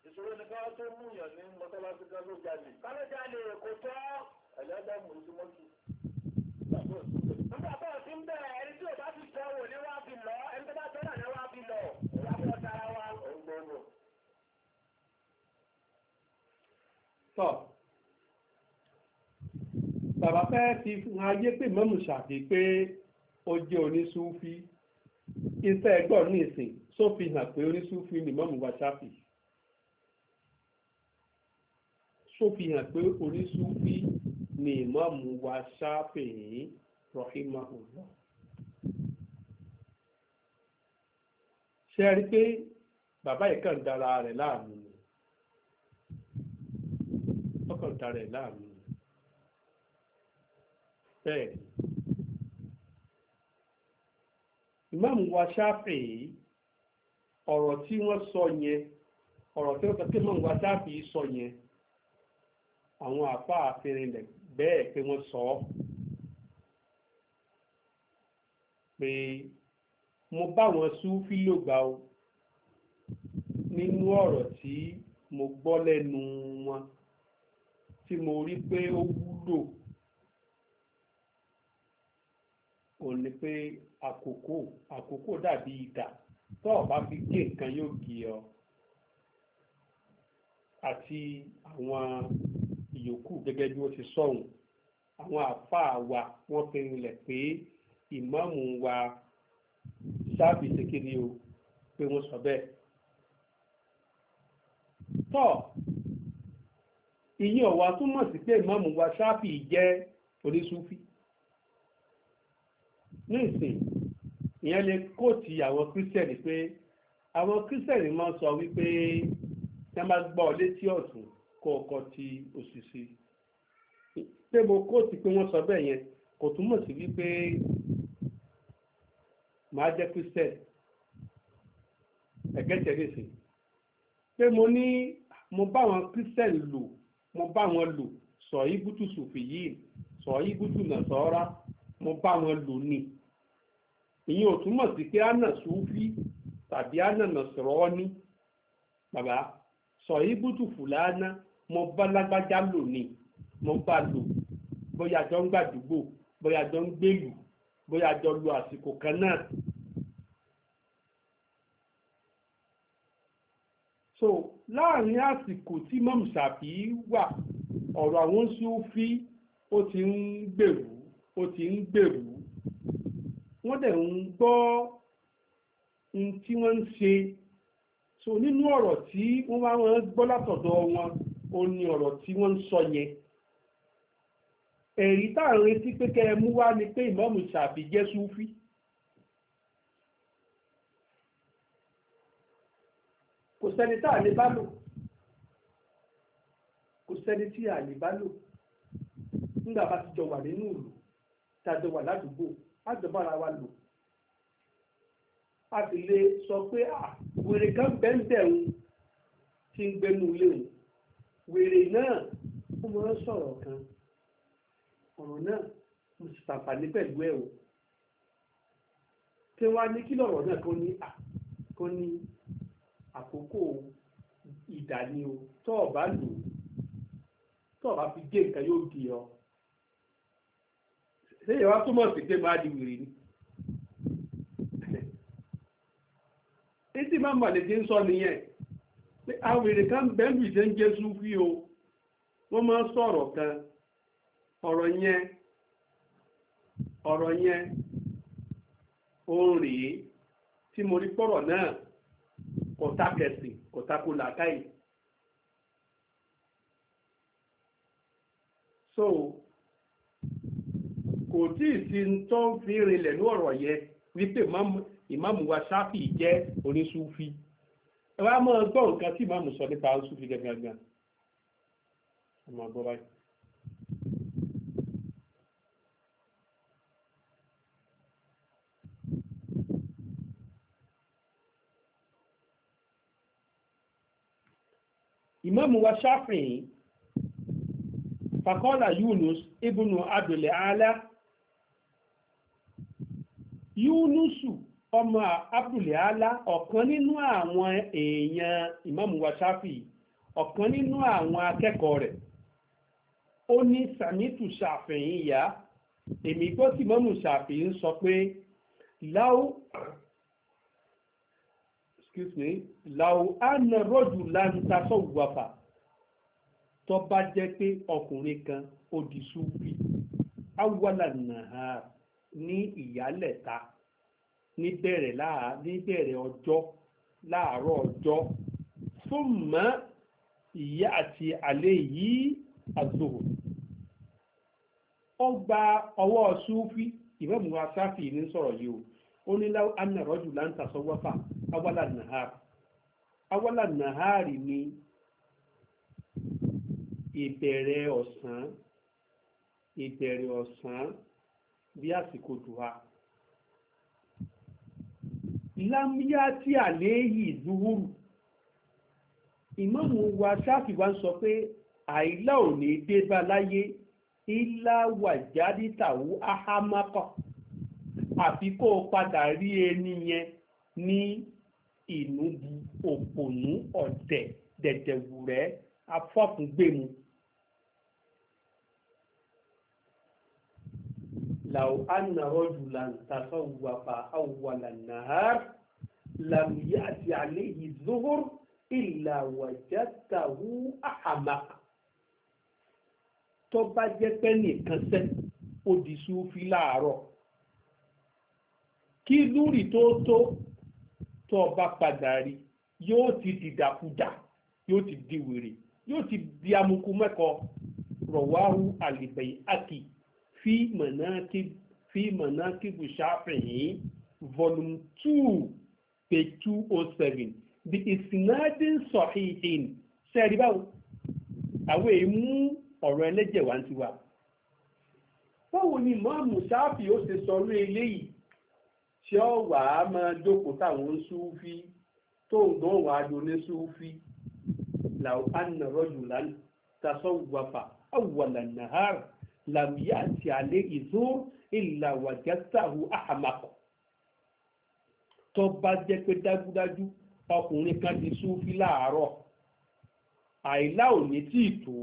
ìṣòro ni ká tó mú yàn ní mọ́tálásí ká ló jalè. ká ló jalè kò tọ́. ẹ̀yà dáàmú ojú mọ́tò. nígbà tó o ti ń bẹ̀ ẹni tí o bá ti tọ́ wò ní wàá fi lọ ẹni tó bá tọ́ náà ní wàá fi lọ ìyá bọ̀ tara wa. tọ́ bàbá fẹ́ fi hàn ayé pé mọ́mù ṣàfi pé ó jẹ́ oníṣúfí iṣẹ́ ẹgbọ́n ní ìsìn só fi hàn pé oníṣúfì ni mọ́mù wa ṣáfì só fi hàn pé oníṣúfì ni mọ́mù wa ṣáfì yìí rahimahullah. ṣe é rí pé bàbá yìí kàn dára rẹ̀ láàmú ni ọkàn dára rẹ̀ láàmú ni bẹ́ẹ̀ ni. imam wa ṣáfì ọ̀rọ̀ tí wọ́n sọ yẹn ọ̀rọ̀ tí wọ́n sọ pé imam wa ṣáfì sọ yẹn àwọn àpá àfihàn rẹ̀ bẹ́ẹ̀ pé wọ́n sọ ọ́ pé mo bá wọn súfí lògbà o nínú ọ̀rọ̀ tí mo gbọ́ lẹ́nu wọn tí mo rí pé ó wúlò ò ní pé àkókò àkókò dàbí idà tó o bá fi gé nǹkan yóò gé ọ àti àwọn ìyókù gẹ́gẹ́ bí wọ́n ti sọ̀hún àwọn àáfàá wa wọ́n fi rinlẹ̀ pé ìmáàmù wa sáàbì ṣèkéde o pé wọ́n sọ bẹ́ẹ̀. tọ́ ìyẹn ọ̀wá túmọ̀ sí pé ìmáàmù wa sáàbì jẹ́ oníṣúfì ní ìsìn ìyẹn lè kóòtì àwọn kírísítẹ̀nì pé àwọn kírísítẹ̀nì máa ń sọ wípé tí wọ́n bá gbọ́ ọ létí ọ̀tún kó o kọ ti òṣìṣì pé mo kóòtì pé wọ́n sọ bẹ́ẹ̀ yẹn kò túmọ̀ sí wípé màá jẹ́ kírísítẹ̀nì ẹ̀gẹ́tẹ̀ lèsè mo ní mo bá àwọn kírísítẹ̀nì lò mo bá wọn lò sọ ibùtù sùfì yìí sọ ibùtù nàṣọ́ra mo bá wọn lò ni ìyẹn ò túmọ̀ sí pé àna sùúfì tàbí àna nàṣọ̀rọ́ọ́ní bàbá sọ̀yí bùtù fùlànà mo bá lágbájá lò ní mo bá lò bóyá jọ ń gbàdúgbò bóyá jọ ń gbèlú bóyá jọ lo àsìkò kan náà. so láàrin àsìkò tí mọ̀mùsàbí wà ọ̀rọ̀ àwọn sùúfì ó ti ń gbèrú ó ti ń gbèrú wọ́n dẹ̀ ń gbọ́ ohun tí wọ́n ń ṣe so nínú ọ̀rọ̀ tí wọ́n bá wọn gbọ́ látọ̀dọ̀ wọn ó ní ọ̀rọ̀ tí wọ́n ń sọ yẹn ẹ̀rí tá à ń retí pé kẹ́ ẹ mú wá ni pé ìmọ̀mù ṣàbí jẹ́ súfí. kò sẹ́ni tá à lè bá lò kò sẹ́ni tí à lè bá lò nígbà bá ti jọ wà nínú ìlú tá a jọ wà ládùúgbò àjọbára wa lò a sì lè sọ pé wèrè kan bẹ́ńbẹ̀ ń ti ń gbẹnu ilé òun wèrè náà ó mọ sọ̀rọ̀ kan ọ̀rọ̀ náà mo sì tàǹfààní pẹ̀lú ẹ̀ o tí wọ́n á ní kí lọ̀rọ̀ náà kan ní kan ní àkókò ìdání o tọ́ bá lò tọ́ bá fi gé nǹkan yóò di ọ ṣé ìyàwó túmọ̀ sí pé máa di wìrì ni. títí máa màlèké ń sọ nìyẹn pé àwọn èrè kan bẹ́ẹ̀lù ìṣe ń jẹ́ súfì o wọ́n máa ń sọ̀rọ̀ kan ọ̀rọ̀ yẹn ọ̀rọ̀ yẹn òun rèé tí mo rí pọ̀rọ̀ náà kò takẹ̀sì kò so kò tí ì sí tó ń fi rinlẹ̀ ní ọ̀rọ̀ yẹn wípé ìmáàmù wa sáfì jẹ́ oníṣúfì ẹ wá máa gbọ́ nǹkan tí ìmáàmù sọ nípa oníṣúfì gangan ẹ máa ìmáàmù wa sáfì yìí fakọ́lá Yunus ibùnú adùlẹ̀ àlá yúnúsù ọmọ abdulhala ọ̀kan nínú àwọn èèyàn ìmáàmù wasafi ọ̀kan nínú àwọn akẹ́kọ̀ọ́ rẹ̀ ó ní samitu ṣàfihàn ìyá èmi gbọ́ tí mọ́mù ṣàfihàn sọ pé láwù excuse me láwù àna rọ́jù láńtà sọ̀wùwàfà tó bá jẹ́ pé ọkùnrin kan ó di súnfì awọ́là nàá ní ìyálẹ̀ta níbẹ̀rẹ̀ láà níbẹ̀rẹ̀ ọjọ́ láàárọ̀ ọjọ́ summa ìyá àti àlẹ́ yìí àzòwò ó gba ọwọ́ súfì ìbẹ́mu asáfì ní sọ̀rọ̀ yìí o ó ní láwọn anàrọ́jù láǹtà sọ́wọ́fà awala nahari awala nahari ni ìbẹ̀rẹ̀ ọ̀sán ìbẹ̀rẹ̀ ọ̀sán bí àsìkò dùhà lámúyá tí àléyìí dúhùrù ìmáàmù wa ṣáàfì wa ń sọ pé àìlá ò ní dé bá láyé ilá wàjádìtàwó áhámákọ̀ àfi kó o padà rí ẹni yẹn ní ìnúbu òpònú ọ̀dẹ̀ dẹ̀dẹ̀wùrẹ́ afọ́fúngbẹ̀mù. لو أن رجلا تصوف أول النهار لم يأتي عليه الظهر إلا وجدته أحمق tó bá jẹ́ pé nìkan sẹ́ ó di súfì láàárọ̀ kí lúrì tó tó tó bá padà rí yóò ti dìdàkudà yóò ti di wèrè ti di amukú mẹ́kọ̀ọ́ rọ̀wáhù àlìbẹ̀yì àkìí fi manaqib fi manaqib Shafi'i volume two page two oh seven bi isnadin sahihin sẹ́ẹ̀rí báwo àwọn èèmú ọ̀rọ̀ ẹlẹ́jẹ̀ wá ń tiwa báwo ni mọ́ọ̀mù Ṣáfì ó ṣe sọ lórí eléyìí ṣé ọ wà á máa jókòó táwọn ń súfí tó ń gbọ́n wà á do ní súfí làwọn àna rọ́jùlá tasọ́wọ́fà nahar làmìyá àti àlẹ́ ìzó ìlà wàjásàhù àhàmàkọ̀ tó bá jẹ́ pé dájúdájú ọkùnrin kan ti súnfí láàárọ̀ àìlá òní tí ì tó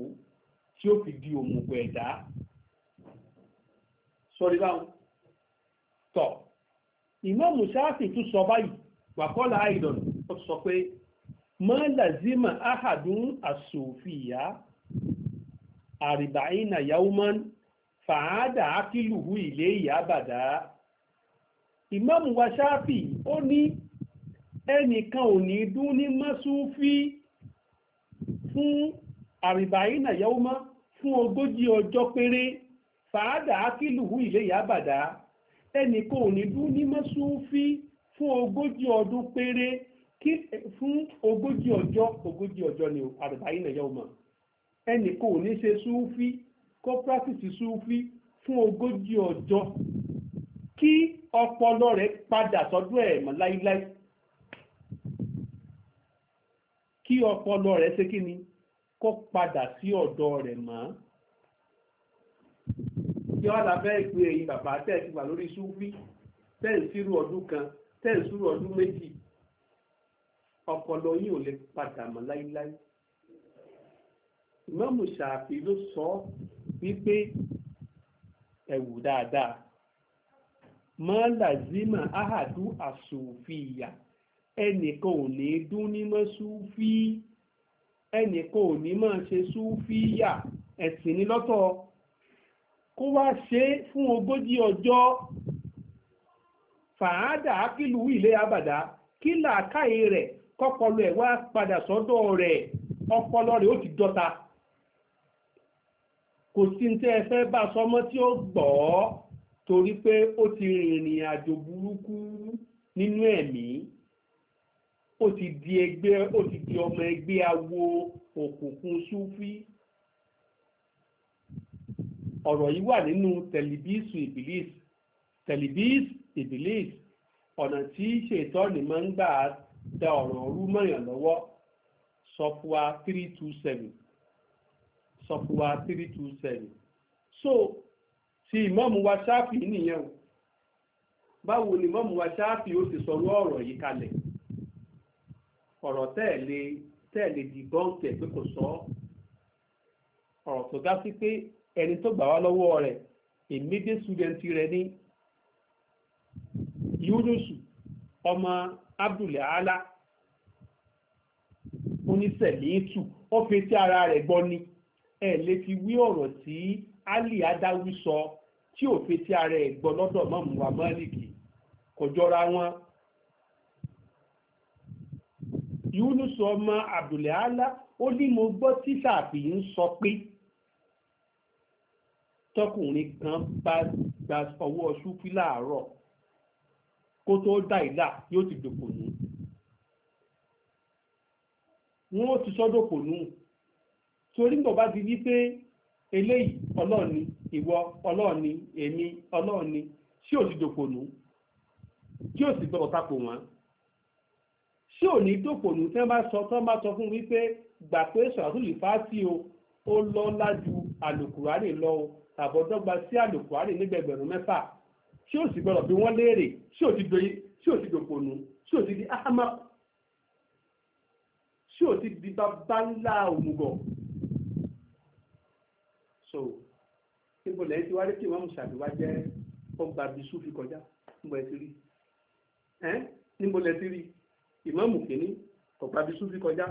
tí ó fi di òmùgọ̀ ẹ̀dá sọrí báwọn tọ̀ ìmọ̀ọ́mù sáàfì tún sọ báyìí wàkọ́lá àìdọ̀nù ó sọ pé mọ́ làzímà áhàdùn àsòfìyà àrìbáyìnà yauman fàádà ákìlùhù ilé ìyábàdá ìmáàmù wa ṣáàfì ó ní ẹnìkan ò ní dún ní mọ́súfí fún àrìbáyìnà yauman fún ogójì ọjọ́ péré fàádà ákìlùhù ilé ìyábàdá ẹnìkan ò ní dún ní mọ́súfí fún ogójì ọdún péré fún ogójì ọjọ́ ogójì ọjọ́ ni àrìbáyìnà yauman ẹnì kò ní ṣe súfí kó practice súfí fún ogójì ọjọ́ kí ọpọlọ rẹ̀ padà sọ́dọ̀ ẹ̀ mọ́ láíláí kí ọpọlọ rẹ̀ ṣe kí ni kó padà sí ọ̀dọ̀ rẹ̀ mọ́ kí wọ́n la fẹ́ pé ẹ̀yin bàbá tẹ́ ẹ ti wà lórí súfí tẹ́ ẹ̀ sírú ọdún kan tẹ́ ẹ̀ sírú ọdún méjì ọpọlọ yìí ò lè padà mọ́ láíláí ìmọ̀mù ṣàfi ló sọ wípé ẹ̀wù dáadáa mọ́ làzímà áhàdú àsòfìyà ẹnìkan ò ní dún ní mọ́ súfì ẹnìkan ò ní máa ṣe súfìyà ẹ̀sìn ní lọ́tọ̀ kó wá ṣe fún ogójì ọjọ́ fàádà ákìlú ilé abàdá kí làákàyè rẹ̀ kọ́pọlọ ẹ̀ wá padà sọ́dọ̀ rẹ̀ ọpọlọ rẹ̀ ó ti dọ́ta kò sí ní tẹ́ ẹ fẹ́ bá sọmọ́ tí ó gbọ́ ọ́ torí pé ó ti rìnrìn àjò burúkú nínú ẹ̀mí ó ti di ẹgbẹ́ ó ti di ọmọ ẹgbẹ́ awo òkùnkùn súfí ọ̀rọ̀ yìí wà nínú tẹlifíṣù ìbílíṣ tẹlifíṣ ìbílíṣ ọ̀nà tí ṣètọ́ni máa ń gbà da ọ̀rọ̀ ọ̀rú mọ̀yàn lọ́wọ́ sọfúà three two seven sọ fún wa three two seven so ti ìmọ̀mù wa ṣáàfì nìyẹn o báwo ni ìmọ̀mù wa ṣáàfì ó ti sọ̀rọ̀ ọ̀rọ̀ yìí kalẹ̀ ọ̀rọ̀ tẹ̀lé tẹ̀lé di bọ́ǹkẹ̀ pé kò sọ ọ̀rọ̀ tó dá sí pé ẹni tó gbà wá lọ́wọ́ rẹ̀ èmédè student rẹ̀ ní Yunusu ọmọ Abdul Ala oníṣẹ̀lẹ̀ tù ó fi ti ara rẹ̀ gbọ́ ni ẹ lè fi wí ọ̀rọ̀ tí ali adáwí sọ tí ò fi ti ara ẹ̀ gbọ́ lọ́dọ̀ mọ́mú wa mọ́lìkì kò wọn. Yunus ọmọ Abdulhala ó ní mo gbọ́ tí sàbí ń sọ pé tọkùnrin kan bá gba ọwọ́ ṣúfì láàárọ̀ kó tó dá ìlà yóò ti dòpò nù. Wọ́n ti sọ́dọ̀pò nù torí ń bọ̀ bá di wípé eléyìí ọlọ́ọ̀ni ìwọ ọlọ́ọ̀ni èmi ọlọ́ọ̀ni tí ò sì dòpònú tí ò sì gbọ́dọ̀ tapò wọ́n tí ò ní dòpònú tí wọ́n bá sọ tí wọ́n bá sọ fún wípé gbà pé sọ̀rọ̀tùlì fásitì o ó lọ lájú àlòkùrárì lọ o tàbọ̀dọ́gba sí àlòkùrárì nígbẹ̀gbẹ̀rún mẹ́fà tí ò sì gbọ́dọ̀ bí wọ́n léèrè tí ò ti dòpònú tí ò ti di ahama tí ò ti di bàbá ńlá òmùgọ̀ so níbo lẹ́yìn tí wá rí kí ìmọ̀ mùsàlù wá jẹ́ ọgbà bisú fi kọjá níbo ẹ ti rí ẹ níbo lẹ ti rí ìmọ̀mù kìíní kò gba bisú fi kọjá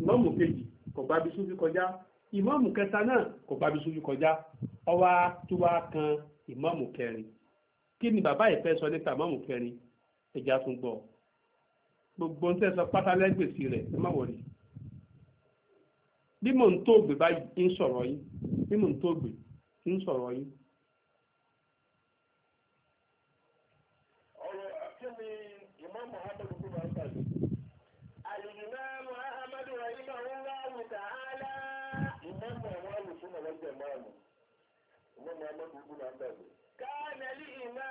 ìmọ̀mù kejì kò gba bisú fi kọjá ìmọ̀mù kẹta náà kò gba bisú fi kọjá ọwá tó wá kan ìmọ̀mù kẹrin kí ni bàbá yìí fẹ́ sọ nípa ìmọ̀mù kẹrin ẹ̀já tún gbọ́ gbogbo ń tẹ̀sán pátá lẹ́gbèsì rẹ̀ ẹ má wọlé bí mò ń tó ògbé báyìí ń sọ̀rọ̀ yìí bí mò ń tó gbè ń sọ̀rọ̀ yín. ọ̀rọ̀ kí ni ìmọ̀ muhammadu kú máa ń bàjẹ́. àlìyìnbá muhammadu rahim awúláwù tààlà ìmọ̀ muhammadu fún ọ̀rọ̀ jẹ̀ máa ìmọ̀ muhammadu kú máa ń bàjẹ́. káà nàlí ìmọ̀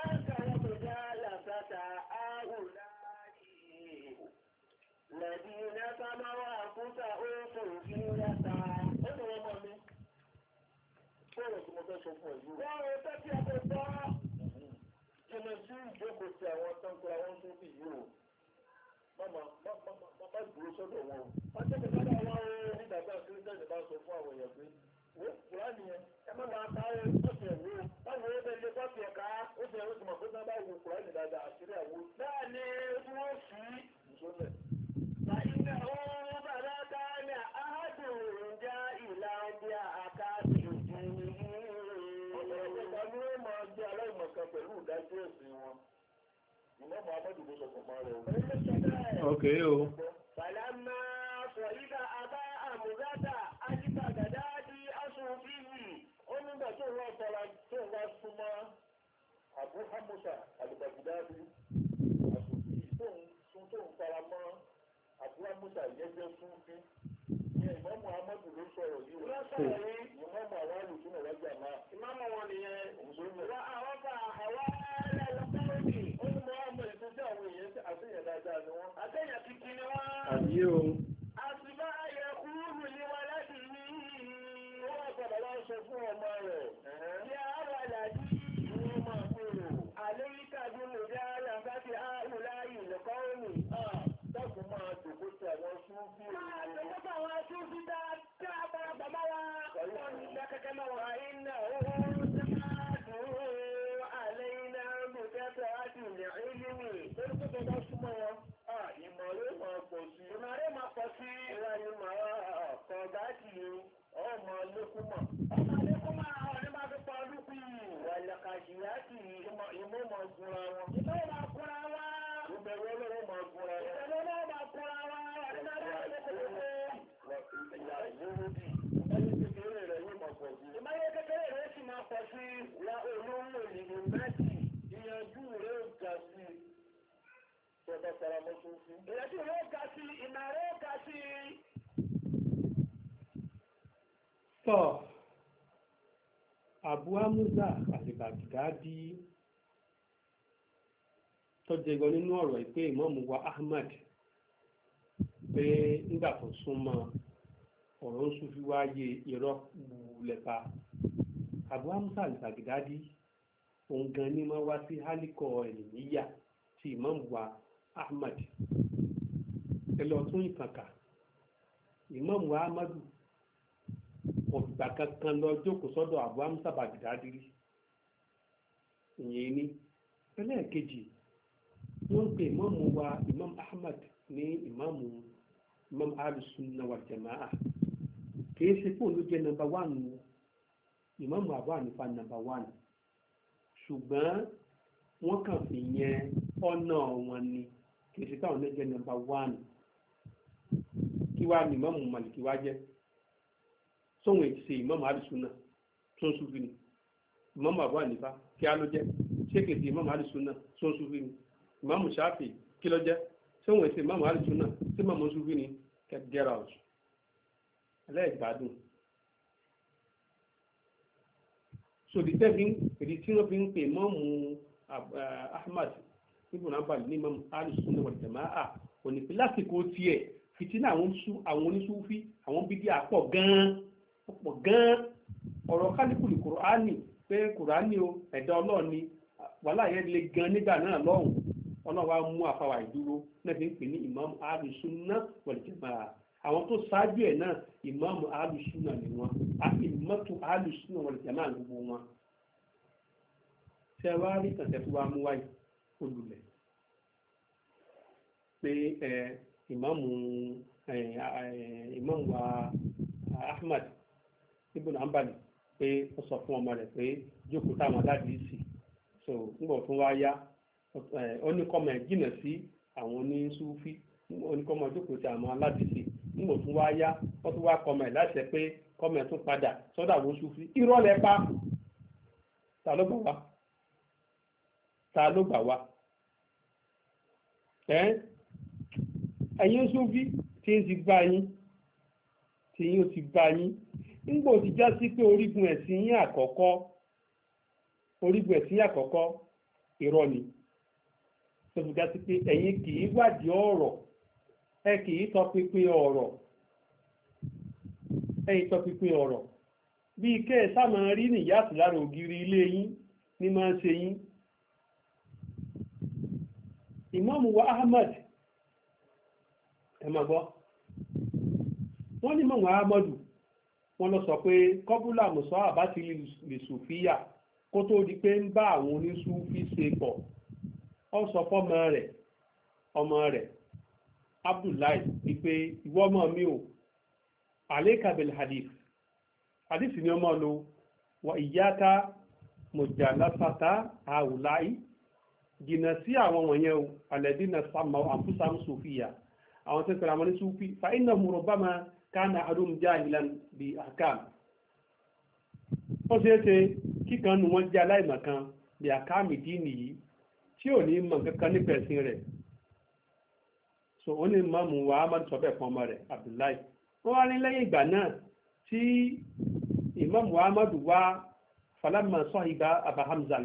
Nàìjíríà sábáwá àkúta oókùn sí yàtà. Ó ti wọ́n mọ́ mi. Bọ́ọ̀lù tí mo fẹ́ sọ fún ẹ̀yìn. Bọ́ọ̀lù tó ti ẹ̀kọ́ gbọ́. Jìnnà sí ìjókòó ti àwọn tó ń kura wọn tó bí yìí o. Mama, bàbá dúró sọ́dọ̀ wọn o. Wọ́n tẹ́lẹ̀ lọ́dọ̀ wọn o. Nígbà tí àwọn Kírísítẹ́nì bá sọ fún àwọn èèyàn pé, wọ́n kúrá nìyẹn. Ẹ má máa ta ẹ̀. Okay o. Fàlámà sọ ìgbà abá àmúgádà ájípa di aṣòwò fíìmù. Ó nígbà tó wọ́n sọ̀rọ̀ tó wọ́n súnmọ́ Abu Hamusa Alùbàgídáàbí. Àṣòfin tóun tóun fara mọ́ Abu Hamusa ìyẹ́jẹ́ ìmọ̀mù Amadu ló sọ̀rọ̀ yìí. Ìmọ̀mù àwọn àlùfínà wájà máa. Ìmọ̀mù wọn nìyẹn. Òṣèlú. Wọ́n àwọn bá a tó jẹgọ nínú ọ̀rọ̀ ìpè ìmọ̀ọ́mù wa Ahmad pé nígbà tó súnmọ́ ọ̀rọ̀ ń sún fi Abu Hamza al òun gan ni wá sí ti ìmọ̀ọ́mù Ahmad ẹ lọ tún ìkànkà wa Ahmadu ọ̀gbà kankan lọ jókòó sọdọ Abu Hamza al wọ́n pe ìmáàmù wa imam ahmad ní ìmáàmù imam al-sunnah wal jama'a kìí ṣe fóònù ló jẹ́ nọ́mbà wánù ìmáàmù àbọ̀ ànífà nọ́mbà wánù ṣùgbọ́n wọ́n kàn fi yẹn ọ̀nà wọn ni kìí ṣe táwọn náà jẹ́ nọ́mbà wánù kí wàá ní ìmáàmù màlìkì wá jẹ́ sóhun èyí ṣe ìmáàmù al-sunnah tó ń ṣubú ni ìmáàmù àbọ̀ ànífà kí á ló jẹ́ ṣé kìí ṣe ìmáàmù al-sunnah tó ń ṣubú ni. Mamu ṣáfì kí ló jẹ́ tí òun èsì ìmáàmù àlùjù náà tí màmú ṣubú ni get out ẹlẹ́gbàdùn. sòdì tẹ́fín èdè tí wọ́n fi ń pè mọ́ọ̀mù Ahmad ibùn abali ní mọ́ọ̀mù alùsùn náà wal jamaa ònípe lásìkò tiẹ̀ fìtínà àwọn oníṣúfí àwọn bíbí àpọ̀ gan-an ọ̀pọ̀ gan-an ọ̀rọ̀ kálíkùlù kùránì pé kùránì o ẹ̀dá ọlọ́ọ̀ni wàhálà yẹn le gan nígbà náà lọ́hùn ọlọ́wà mú àfàwà ìdúró náà fi ń pè ní ìmáàmù alùsùnà wọ̀lìjàmà àwọn tó ṣáájú ẹ̀ náà ìmáàmù alùsùnà ni wọn ìmọ̀tò alùsùnà wọ̀lìjàmà gbogbo wọn. sẹ́wárí tàǹtẹ̀ tó wá mú wáyé olùlẹ̀ pé ẹ ìmáàmù ẹ ìmáàmù wa Ahmad ibùdó àǹbàlì pé ó sọ fún ọmọ rẹ̀ pé jókòó táwọn aládìí sí so ń bọ̀ fún wáyá oníkọ́mọ̀ jìnnà sí àwọn oníṣúfí oníkọ́mọ̀ jókòó sí àwọn aládìsí nígbà tó wá yá wọ́n tún wá kọ́mọ̀ láṣẹ pé kọ́mọ̀ tún padà sọ́dọ̀ àwọn oṣúfí irọ́ lẹ pa ta ló gbà wá ta ló gbà wá ẹ̀yin oṣúfí tí ń ti gbá yín tí yín ó ti gbá yín nígbà tí já sí pé orígun ẹ̀sìn yín àkọ́kọ́ orígun ẹ̀sìn yín àkọ́kọ́ irọ́ ni. tó ti ga sí pé ẹ̀yin kì wádìí ọ̀rọ̀ ẹ kì í tọpinpin ọ̀rọ̀ ẹ̀yin tọpinpin ọ̀rọ̀ bíi kẹ́ ẹ sáà máa rí nìyàtọ̀ lára ògiri ilé yín ní máa ń ṣe Ahmad ẹ máa gbọ́ Ahmadu wọ́n lọ sọ pé kọ́búlà mùsọ́ àbátí lè sùfíyà kó tó di pé ń bá àwọn oníṣúfí ṣe pọ̀ ọ sọ fọ́mọ rẹ̀ ọmọ rẹ̀ Abdullahi wípé ìwọ ọmọ mi o alekabil hadith hadith ni ọmọ lo wa ìyáka mọ̀jàlásátá àwùláì jìnà sí àwọn wọ̀nyẹn o alẹ́dínà sàmà àfúsàm sòfìyà àwọn tẹ́sán àwọn ní sùfì fa iná mùrọ̀bá máa kánà àdúm jáhilan bí àkàm ó ṣeé ṣe kíkan nu wọn jẹ́ aláìmọ̀kan bí àkàmì dín nìyí tí ò ní mọ̀ kankan nípa ẹ̀sìn rẹ̀ so ó ní mọ́mù wa amadu sọ bẹ́ẹ̀ fún ọmọ rẹ̀ abdullahi wọ́n wá ní lẹ́yìn ìgbà náà tí ìmọ̀mù wa amadu wá falama sọ́hìbá aba hamza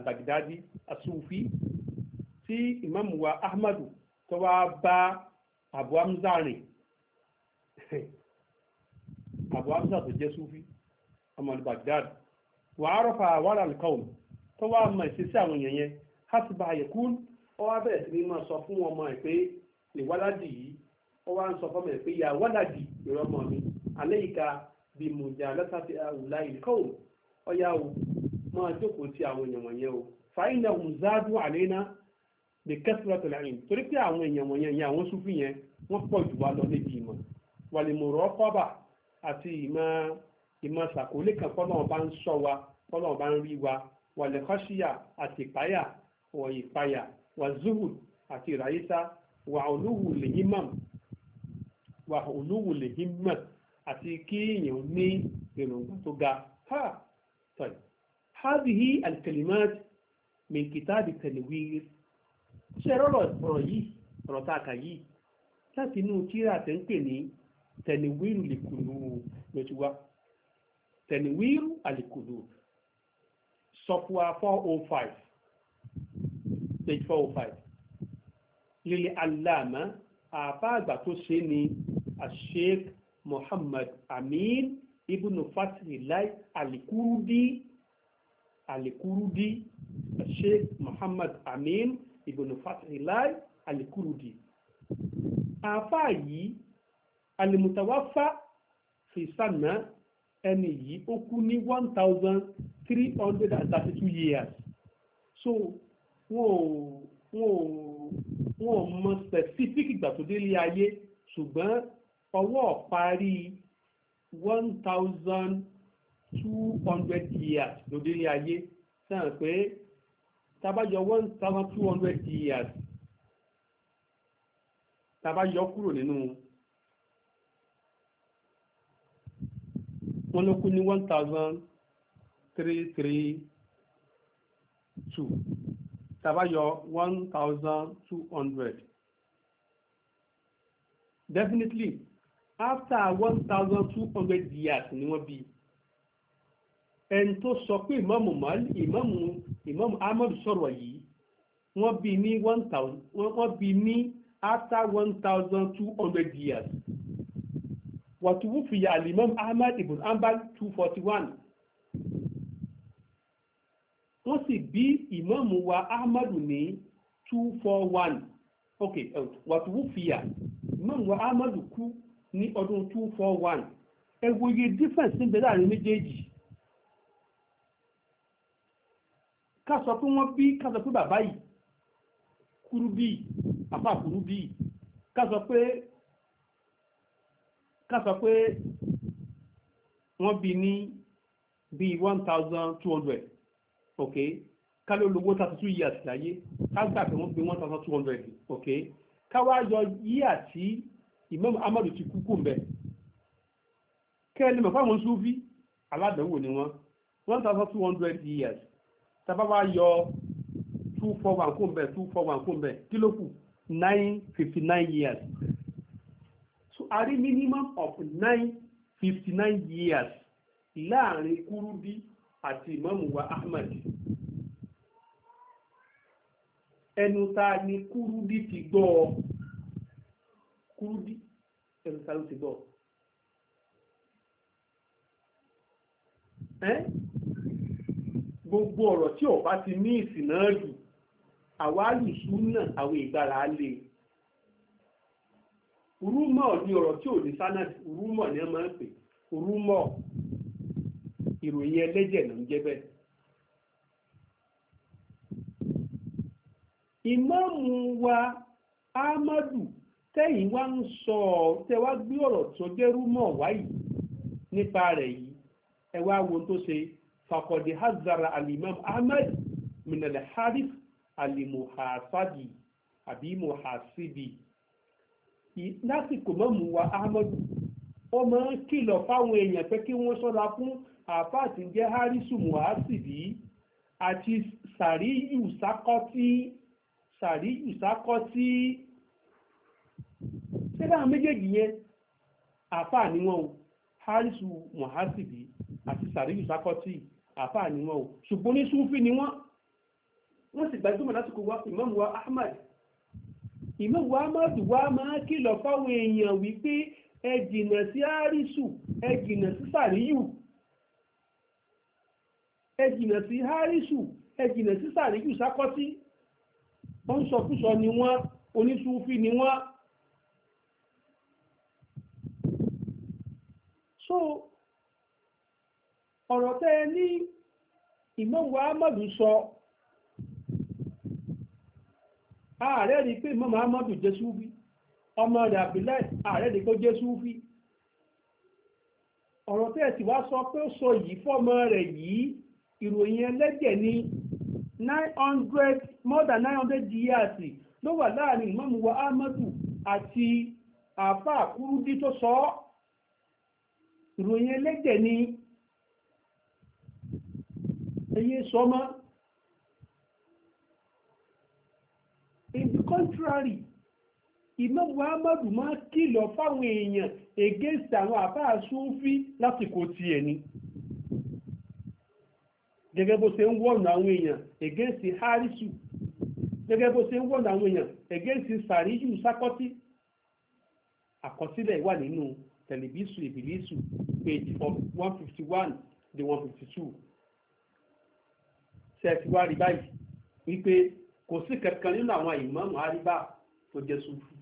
tí ìmọ̀mù wa ahmadu tó wá bá abu hamza rìn abu hamza tó jẹ́ sufi ọmọ al-baghdadi wàá rọ́fà wàrà nǹkan tó wá mọ̀ ìṣesí àwọn èèyàn yẹn hasiba ayekun ó wá bẹ̀rẹ̀ sí ni máa sọ fún ọmọ ẹ̀ pé ìwádàdì yìí ó wá ń sọ fọ́mọ ẹ̀ pé ìyá wádàdì ìrọmọ mi àléyìíká bí mùjà lọ́sàtì àwùlá ìkọ́wò ọ̀yá o máa jókòó ti àwọn èèyàn wọ̀nyẹn o fàáyínà mùzádù àléná lè kẹ́sìlá tó láyìn torí pé àwọn èèyàn wọ̀nyẹn yẹn àwọn súfì yẹn wọ́n pọ̀ jù wá lọ níbi ìmọ̀ wàlìmọ̀rọ̀ kọ́bà wọ ìpayà wà zuhud àti ìráyísá wà olúwù lè hímàm wà olúwù lè hímàm àti kí èèyàn ní èròǹgbà tó ga ha tọ́yì hádìí alkalimat min kitabi tanwir ṣe rọ́rọ̀ ọ̀rọ̀ yìí ọ̀rọ̀ tá a kà yìí láti inú tíra tẹ́ ń pè ní tẹ̀niwíru lìkùlù ló ti wá tẹ̀niwíru àlìkùlù stage four oh five lílé aláàmá àbá àgbà tó ṣe ni asheikh muhammad amin ibùnú fatilai alikurudi alikurudi asheikh muhammad amin ibùnú fatilai alikurudi àbá yìí alimutawafa fìsànà ẹni yìí ó kú ní one thousand three hundred and thirty two years so wọn ò mọ specific ìgbà tó délé ayé ṣùgbọ́n ọwọ́ parí one thousand two hundred years ló délé ayé sáà pé tabajọ one thousand two hundred years tàbá yọ kúrò nínú wọn ló kú ní one thousand three three two tabayọ one thousand two hundred definitely after one thousand two hundred years ni wọ́n bí ẹni tó sọ pé ìmáàmù mali ìmáàmù ìmáàmù ahmadu sọ̀rọ̀ yìí wọ́n bí ní one thousand wọ́n bí ní after one thousand two hundred years wàtúwú fìyà alimam ahmad ibn ambal two forty one wọ́n sì bí ìmáàmù wa ahmadu ní two four one ok wàtúwúfìyà ìmáàmù wa ahmadu kú ní ọdún two four one ẹ wo difference níbẹ̀ láàrin méjèèjì ká sọ pé wọ́n bí ká sọ pé bàbá yìí kúrú bíi àfa kúrú bíi ká sọ pé ká sọ pé wọ́n bí ní bíi one thousand two hundred ok ká ló lówó thirty two years láyé ká gbà pé wọ́n gbé one thousand two hundred ok ká wá yọ yíyà tí Imam Ahmadu ti kú kù mbẹ kẹ́ni mọ̀ fáwọn Sufi aládàáwò ni wọ́n one thousand two hundred years tábà wá yọ two four one kù mbẹ two four one kù mbẹ kí nine fifty nine years so a rí minimum of nine fifty nine years láàrin kúrú bíi àti ìmáàmù wa Ahmed, ẹnu ta ni kúrúdí ti gbọ́ ọ kúrúdí ẹnu ta ló ti gbọ́ ọ. gbogbo ọ̀rọ̀ tí ọba ti ní ìsìn náà jù àwa àlùsù náà àwọn ìgbára lè rúmọ̀ ní ọ̀rọ̀ tí ò ní sánà rúmọ̀ ni wọ́n máa ń pè rúmọ̀ ìròyìn ẹlẹ́jẹ̀ ló ń jẹ́ bẹ́ẹ̀. ìmáàmù wa Ahmadu tẹ́yìn wá ń sọ tẹ́ wá gbé ọ̀rọ̀ tó jẹ́rú mọ̀ wáyìí nípa rẹ̀ yìí ẹ wá wo tó ṣe fakọ̀dé hazara alimam Ahmad minal harif àbí muhasibi lásìkò wa Ahmadu ó máa ń kìlọ̀ fáwọn èèyàn àfáà tí ń jẹ́ harisu muhasibi àti sàríyù sákọ́tí sàríyù sákọ́tí sẹ́dá méjèèjì yẹn àfáà ni wọ́n o harisu muhasibi àti sàríyù sákọ́tí àfáà ni wọ́n o ṣùgbọ́n ní súnfì ni wọ́n wọ́n sì gbajúmọ̀ lásìkò wa ìmáàmù wa ahmad ìmáàmù wa ahmad wa máa kìlọ̀ fáwọn èèyàn wípé ẹ jìnnà sí harisu ẹ jìnnà sí sàríyù ẹ jìnà sí harisu ẹ jìnà sí sàríkù sákọ́sí wọ́n sọkúsọ ni wọ́n oníṣúfì ni wọ́n. so ọ̀rọ̀ tẹ́ ẹ ní ìmọ̀wá amadu sọ ààrẹ rí pé ìmọ̀wá amadu jẹ́ súfì ọmọ rẹ̀ àbílẹ̀ ààrẹ rí pé ó jẹ́ súfì ọ̀rọ̀ tẹ́ ẹ sì wá sọ pé ó sọ yìí fọ́mọ rẹ̀ yìí ìròyìn ẹlẹ́jẹ̀ ní nine hundred more than nine hundred years ló wà láàrin ìmáàmù wa ahmadu àti àfa àkúrúdí tó sọ ọ́ ìròyìn ẹlẹ́jẹ̀ ní ẹyẹ sọmọ in the contrary ìmáàmù wa ahmadu máa kìlọ̀ fáwọn èèyàn against àwọn àfa lásìkò tiẹ̀ ni. gẹ́gẹ́ bó ṣe ń wọ̀nà àwọn èèyàn ègéǹsì harisu gẹ́gẹ́ bó ṣe ń wọ̀nà àwọn èèyàn ègéǹsì sàríyù sákọ́tì àkọsílẹ̀ wà nínú tẹlifísù ìbílísù page one fifty one dé one fifty two ṣe ti wá rí báyìí wípé kò sí kankan nínú àwọn ìmáàmù àríbá tó jẹ́ sùfù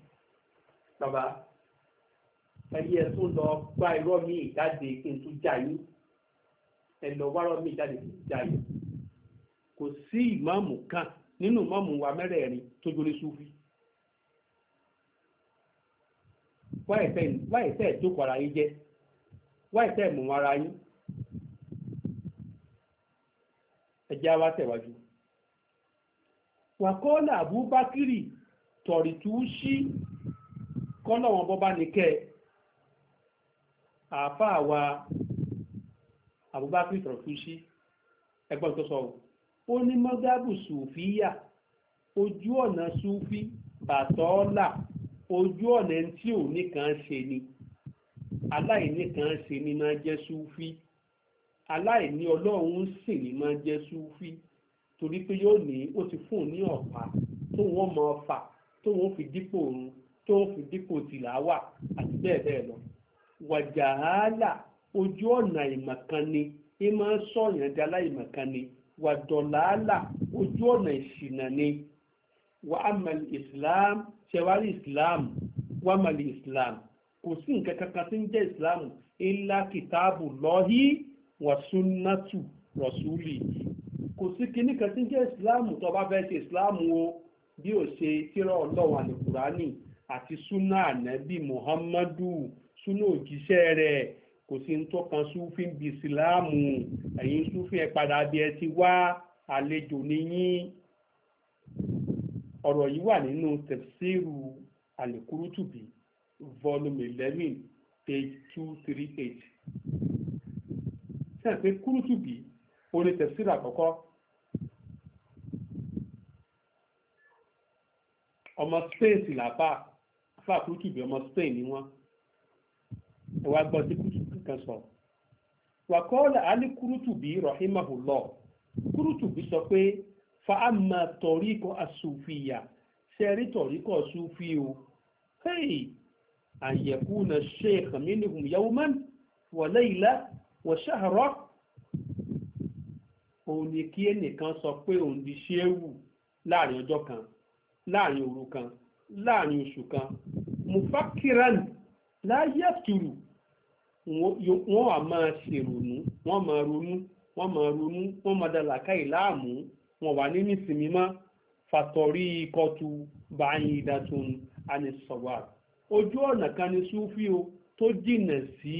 bàbá ẹyẹ tó lọ gbá irọ́ mi ìjáde kí n tó jà yín. ẹ̀lọ́ wárọ̀ mi jáde jáde kò sí ìmáàmù kan nínú ìmáàmù wa mẹ́rẹ̀ẹ̀rin tó jóni súfì wáyé tẹ́ ẹ̀ jókòó ara yín jẹ́ wáyé tẹ́ ẹ̀ mú ara yín ẹjẹ́ wa tẹ̀wájú. wàkọ́ọ́lá àbúbákírì tọ̀rìtù sí kọ́lọ́wọ́n bọ́bá wa. Abubakar Tọ̀rọ̀kúṣí ẹgbọ́n tó sọ ó ní mọ́gábù sùfíyà ojú ọ̀nà sùfí bàtọ́ọ́là ojú ọ̀nà ẹni tí ò nìkan ṣe ni aláìní kan ṣe ni máa jẹ́ sùfí aláìní ọlọ́run sì ni máa jẹ́ sùfí torí pé yóò ní ó ti fún un ní ọ̀pá tó wọ́n máa fà tó wọ́n fi dípò òun tó wọ́n fi dípò tìlàwà àti bẹ́ẹ̀ bẹ́ẹ̀ lọ wàjàhálà ojú ọ̀nà ìmọ̀kan ni ní máa ń sọ̀yàn di aláìmọ̀kan ni wà dọ̀làálà ojú ọ̀nà ìṣìnà ni wà ámàlì islam ṣẹwárí islam wà ámàlì islam kò sí nǹkan kankan tí ń jẹ́ islam illa kìtáàbù lọ́hí wà súnnátù rọ̀súlì kò sí kinní kan tí ń jẹ́ islam tó bá fẹ́ ṣe islam o bí ó ṣe tírà ọlọ́wà ní àti súnà ànábì muhammadu súnà òjíṣẹ́ rẹ̀ kò sí ní tó kan súfin bíi ìsìláàmù ẹ̀yin súfin ẹ̀ padà bí ẹ ti wá àlejò níyìn ọ̀rọ̀ yìí wà nínú tẹ̀síìrù àlèkúrútùbí volume eleven page two three eight sẹ́yìn pé kúrútùbí ó ní tẹ̀síìrù àkọ́kọ́ ọmọ spain sì làbá fáà kúrútùbí ọmọ spain ni wọ́n ẹ wá gbọ́ sí kúrútùbí nǹkan sọ wàkọ́ọ̀lá alí kúrútùbí rahimahullah kúrútùbí sọ pé fàámà tọ̀ríkọ̀ asùfìyà sẹ́rí tọ̀ríkọ̀ sùfì o hey àyẹ̀kúnà sheikh minhum yawman wa layla wa shahra òun ni kí ẹnìkan sọ pé òun di ṣéwù láàrin ọjọ́ kan láàrin òru kan láàrin oṣù kan mufakiran la yafturu wọ́n wà máa ṣèrònú wọ́n máa ronú wọ́n máa ronú wọ́n máa da làákàyè láàmú wọn wà ní nísìmí mọ́ fàtọ̀rí ikọ̀tù báyìí ìdàtún ànisọ̀wà ojú ọ̀nà kan ni súfì o tó jìnà sí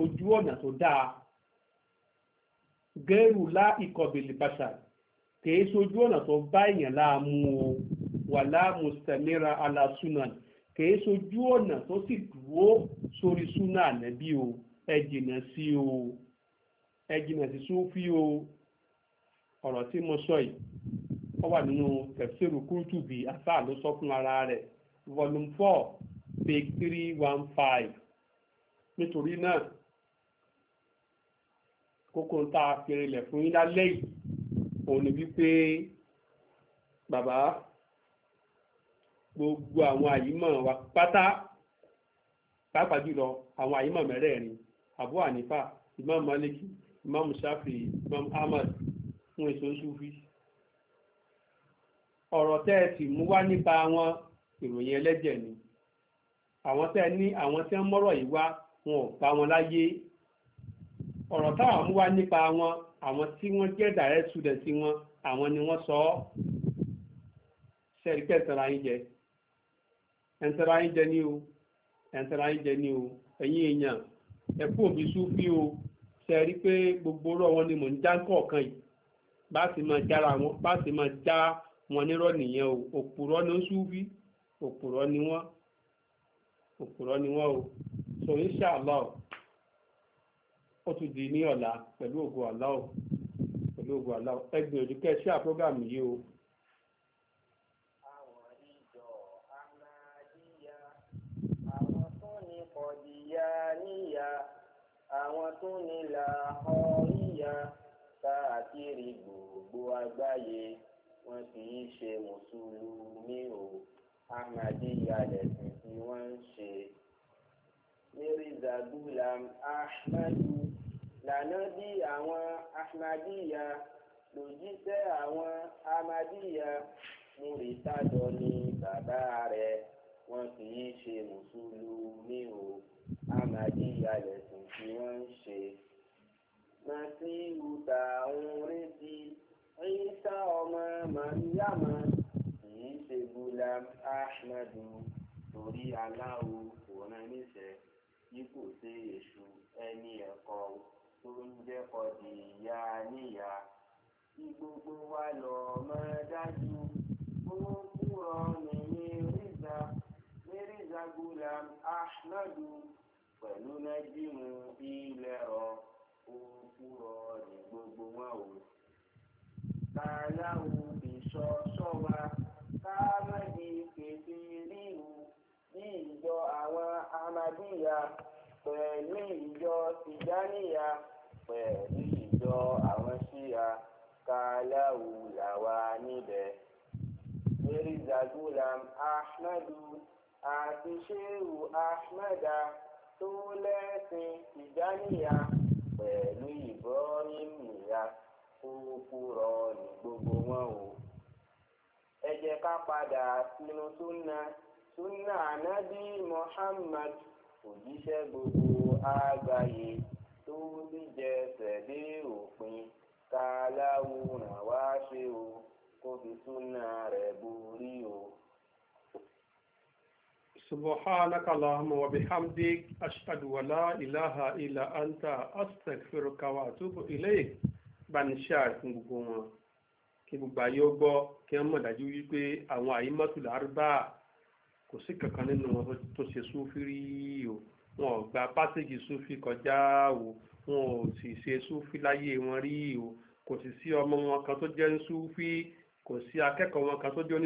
ojú ọ̀nà tó dáa gẹ́rù lá ikọ̀bìlì bàṣà kìí sojú ọ̀nà tó bá èèyàn láàmú o wà láàmú sẹ̀míra alásùnà kìí sojú ọ̀nà tó sì dúró sórí súnà ànábì o ẹ jìnà sí o ẹ jìnà sí súnfí o ọ̀rọ̀ tí mo sọ yìí ó wà nínú tẹ̀síìrù kúrútùbì àfáà ló sọ fún ara rẹ̀ volume four page three one five nítorí náà kókó tá a fi rinlẹ̀ fún yín lálẹ́ yìí òun ni wípé bàbá gbogbo àwọn àyímọ̀ wa pátá pàápàá jùlọ àwọn àyímọ̀ mẹ́rẹ̀ẹ̀rin Abu Hanifa Imam Maliki Imam Shafi Imam Ahmad fún èso Sufi ọ̀rọ̀ tẹ́ ẹ sì mú wá nípa àwọn ìròyìn ẹlẹ́jẹ̀ ni àwọn tẹ́ ẹ ní àwọn tí wọ́n mọ́rọ̀ yìí wá wọn ò bá wọn láyé ọ̀rọ̀ táwọn mú wá nípa wọn àwọn tí wọ́n jẹ́ direct student wọn àwọn ni wọ́n sọ ọ́ sẹ́ẹ̀rí pé ẹ̀sán ara yín jẹ ẹ̀sán ara yín jẹ ní o ẹ̀ǹtẹ̀ra yín jẹ ní o ẹ̀yin èèyàn ẹ̀kú òbí súnfí o ṣe rí i pé gbogbo ọ̀rọ̀ wọn ni mò ń já kọ̀ọ̀kan yìí bá sì máa jára wọn bá sì máa já wọn nírọ̀ nìyẹn o òpùrọ̀ ni ó súnfí òpùrọ̀ ni wọ́n òpùrọ̀ ni wọ́n o so inshallah ó tún di ní ọ̀la pẹ̀lú ògo Allah pẹ̀lú ògo Allah ẹgbẹ̀rún kẹ́ ṣíà program yìí o. kọ̀díyàníyà àwọn tó ní làhọ́ríyà káàkiri gbogbo àgbáyé wọn kì í ṣe mùsùlùmí o ahmadiyya lẹ̀sìn tí ń ṣe. mirza gulam ahmadu lànábì àwọn ahmadiyya lòjíṣẹ́ àwọn ahmadiyya múritádọ́ ni bàbá rẹ̀ wọn kì í ṣe mùsùlùmí o Ahmadiyya lẹ̀sìn tí wọ́n ń ṣe. Màsíhù tá à ń retí Ìsá ọmọ Màríyàmá kì í ṣe Gulam Ahmadu torí aláwo kò rán níṣẹ́ bí kò ṣe èṣù ẹni ẹ̀kọ́ tó ń jẹ́kọ̀ di ìyá níyà kí gbogbo wa lọ máa dájú ó kúrọ̀ nìyí ríza mírízà gulam ahmadu pẹ̀lú nájímù ilẹ̀ ọ̀ òkúrọ̀ ní gbogbo wọn o. kàláwù ìṣọ́ṣọ́ wa káàmẹ́dì kèfì ríru ní ìjọ àwọn amadíyà pẹ̀lú ìjọ tìjáníyà pẹ̀lú ìjọ àwọn ṣíyà kàláwù làwa níbẹ̀. mírízà gulam ahmadu. àti ṣéwù ahmeda tó lẹ́sìn ìdáníyà pẹ̀lú ibrahim nìyà kúrúkú rọ ní gbogbo wọn o. ẹ jẹ́ ká padà sínú súnà súnà ànábì muhammad òjíṣẹ́ gbogbo àgbáyé tó sì jẹsẹ̀ dé òpin ká láwùrán wá ṣe o kó fi súnà rẹ̀ borí o. سبحانك اللهم وبحمدك أشهد ولا إله إلا أنت أستغفرك وأتوب إليك banishar fún gbogbo wọn kí gbogbo ayé ó gbọ́ kí wọ́n mọ̀ dájú wípé àwọn àyímọ́tò lárúbá kò sí kankan nínú wọn tó ṣe súfírí o wọn ò gba pásíjì súfí kọjá o wọn ò sì ṣe súfí láyé wọn rí o kò sì sí ọmọ wọn kan tó jẹ́ ń súfí kò sí akẹ́kọ̀ọ́ wọn kan tó jẹ́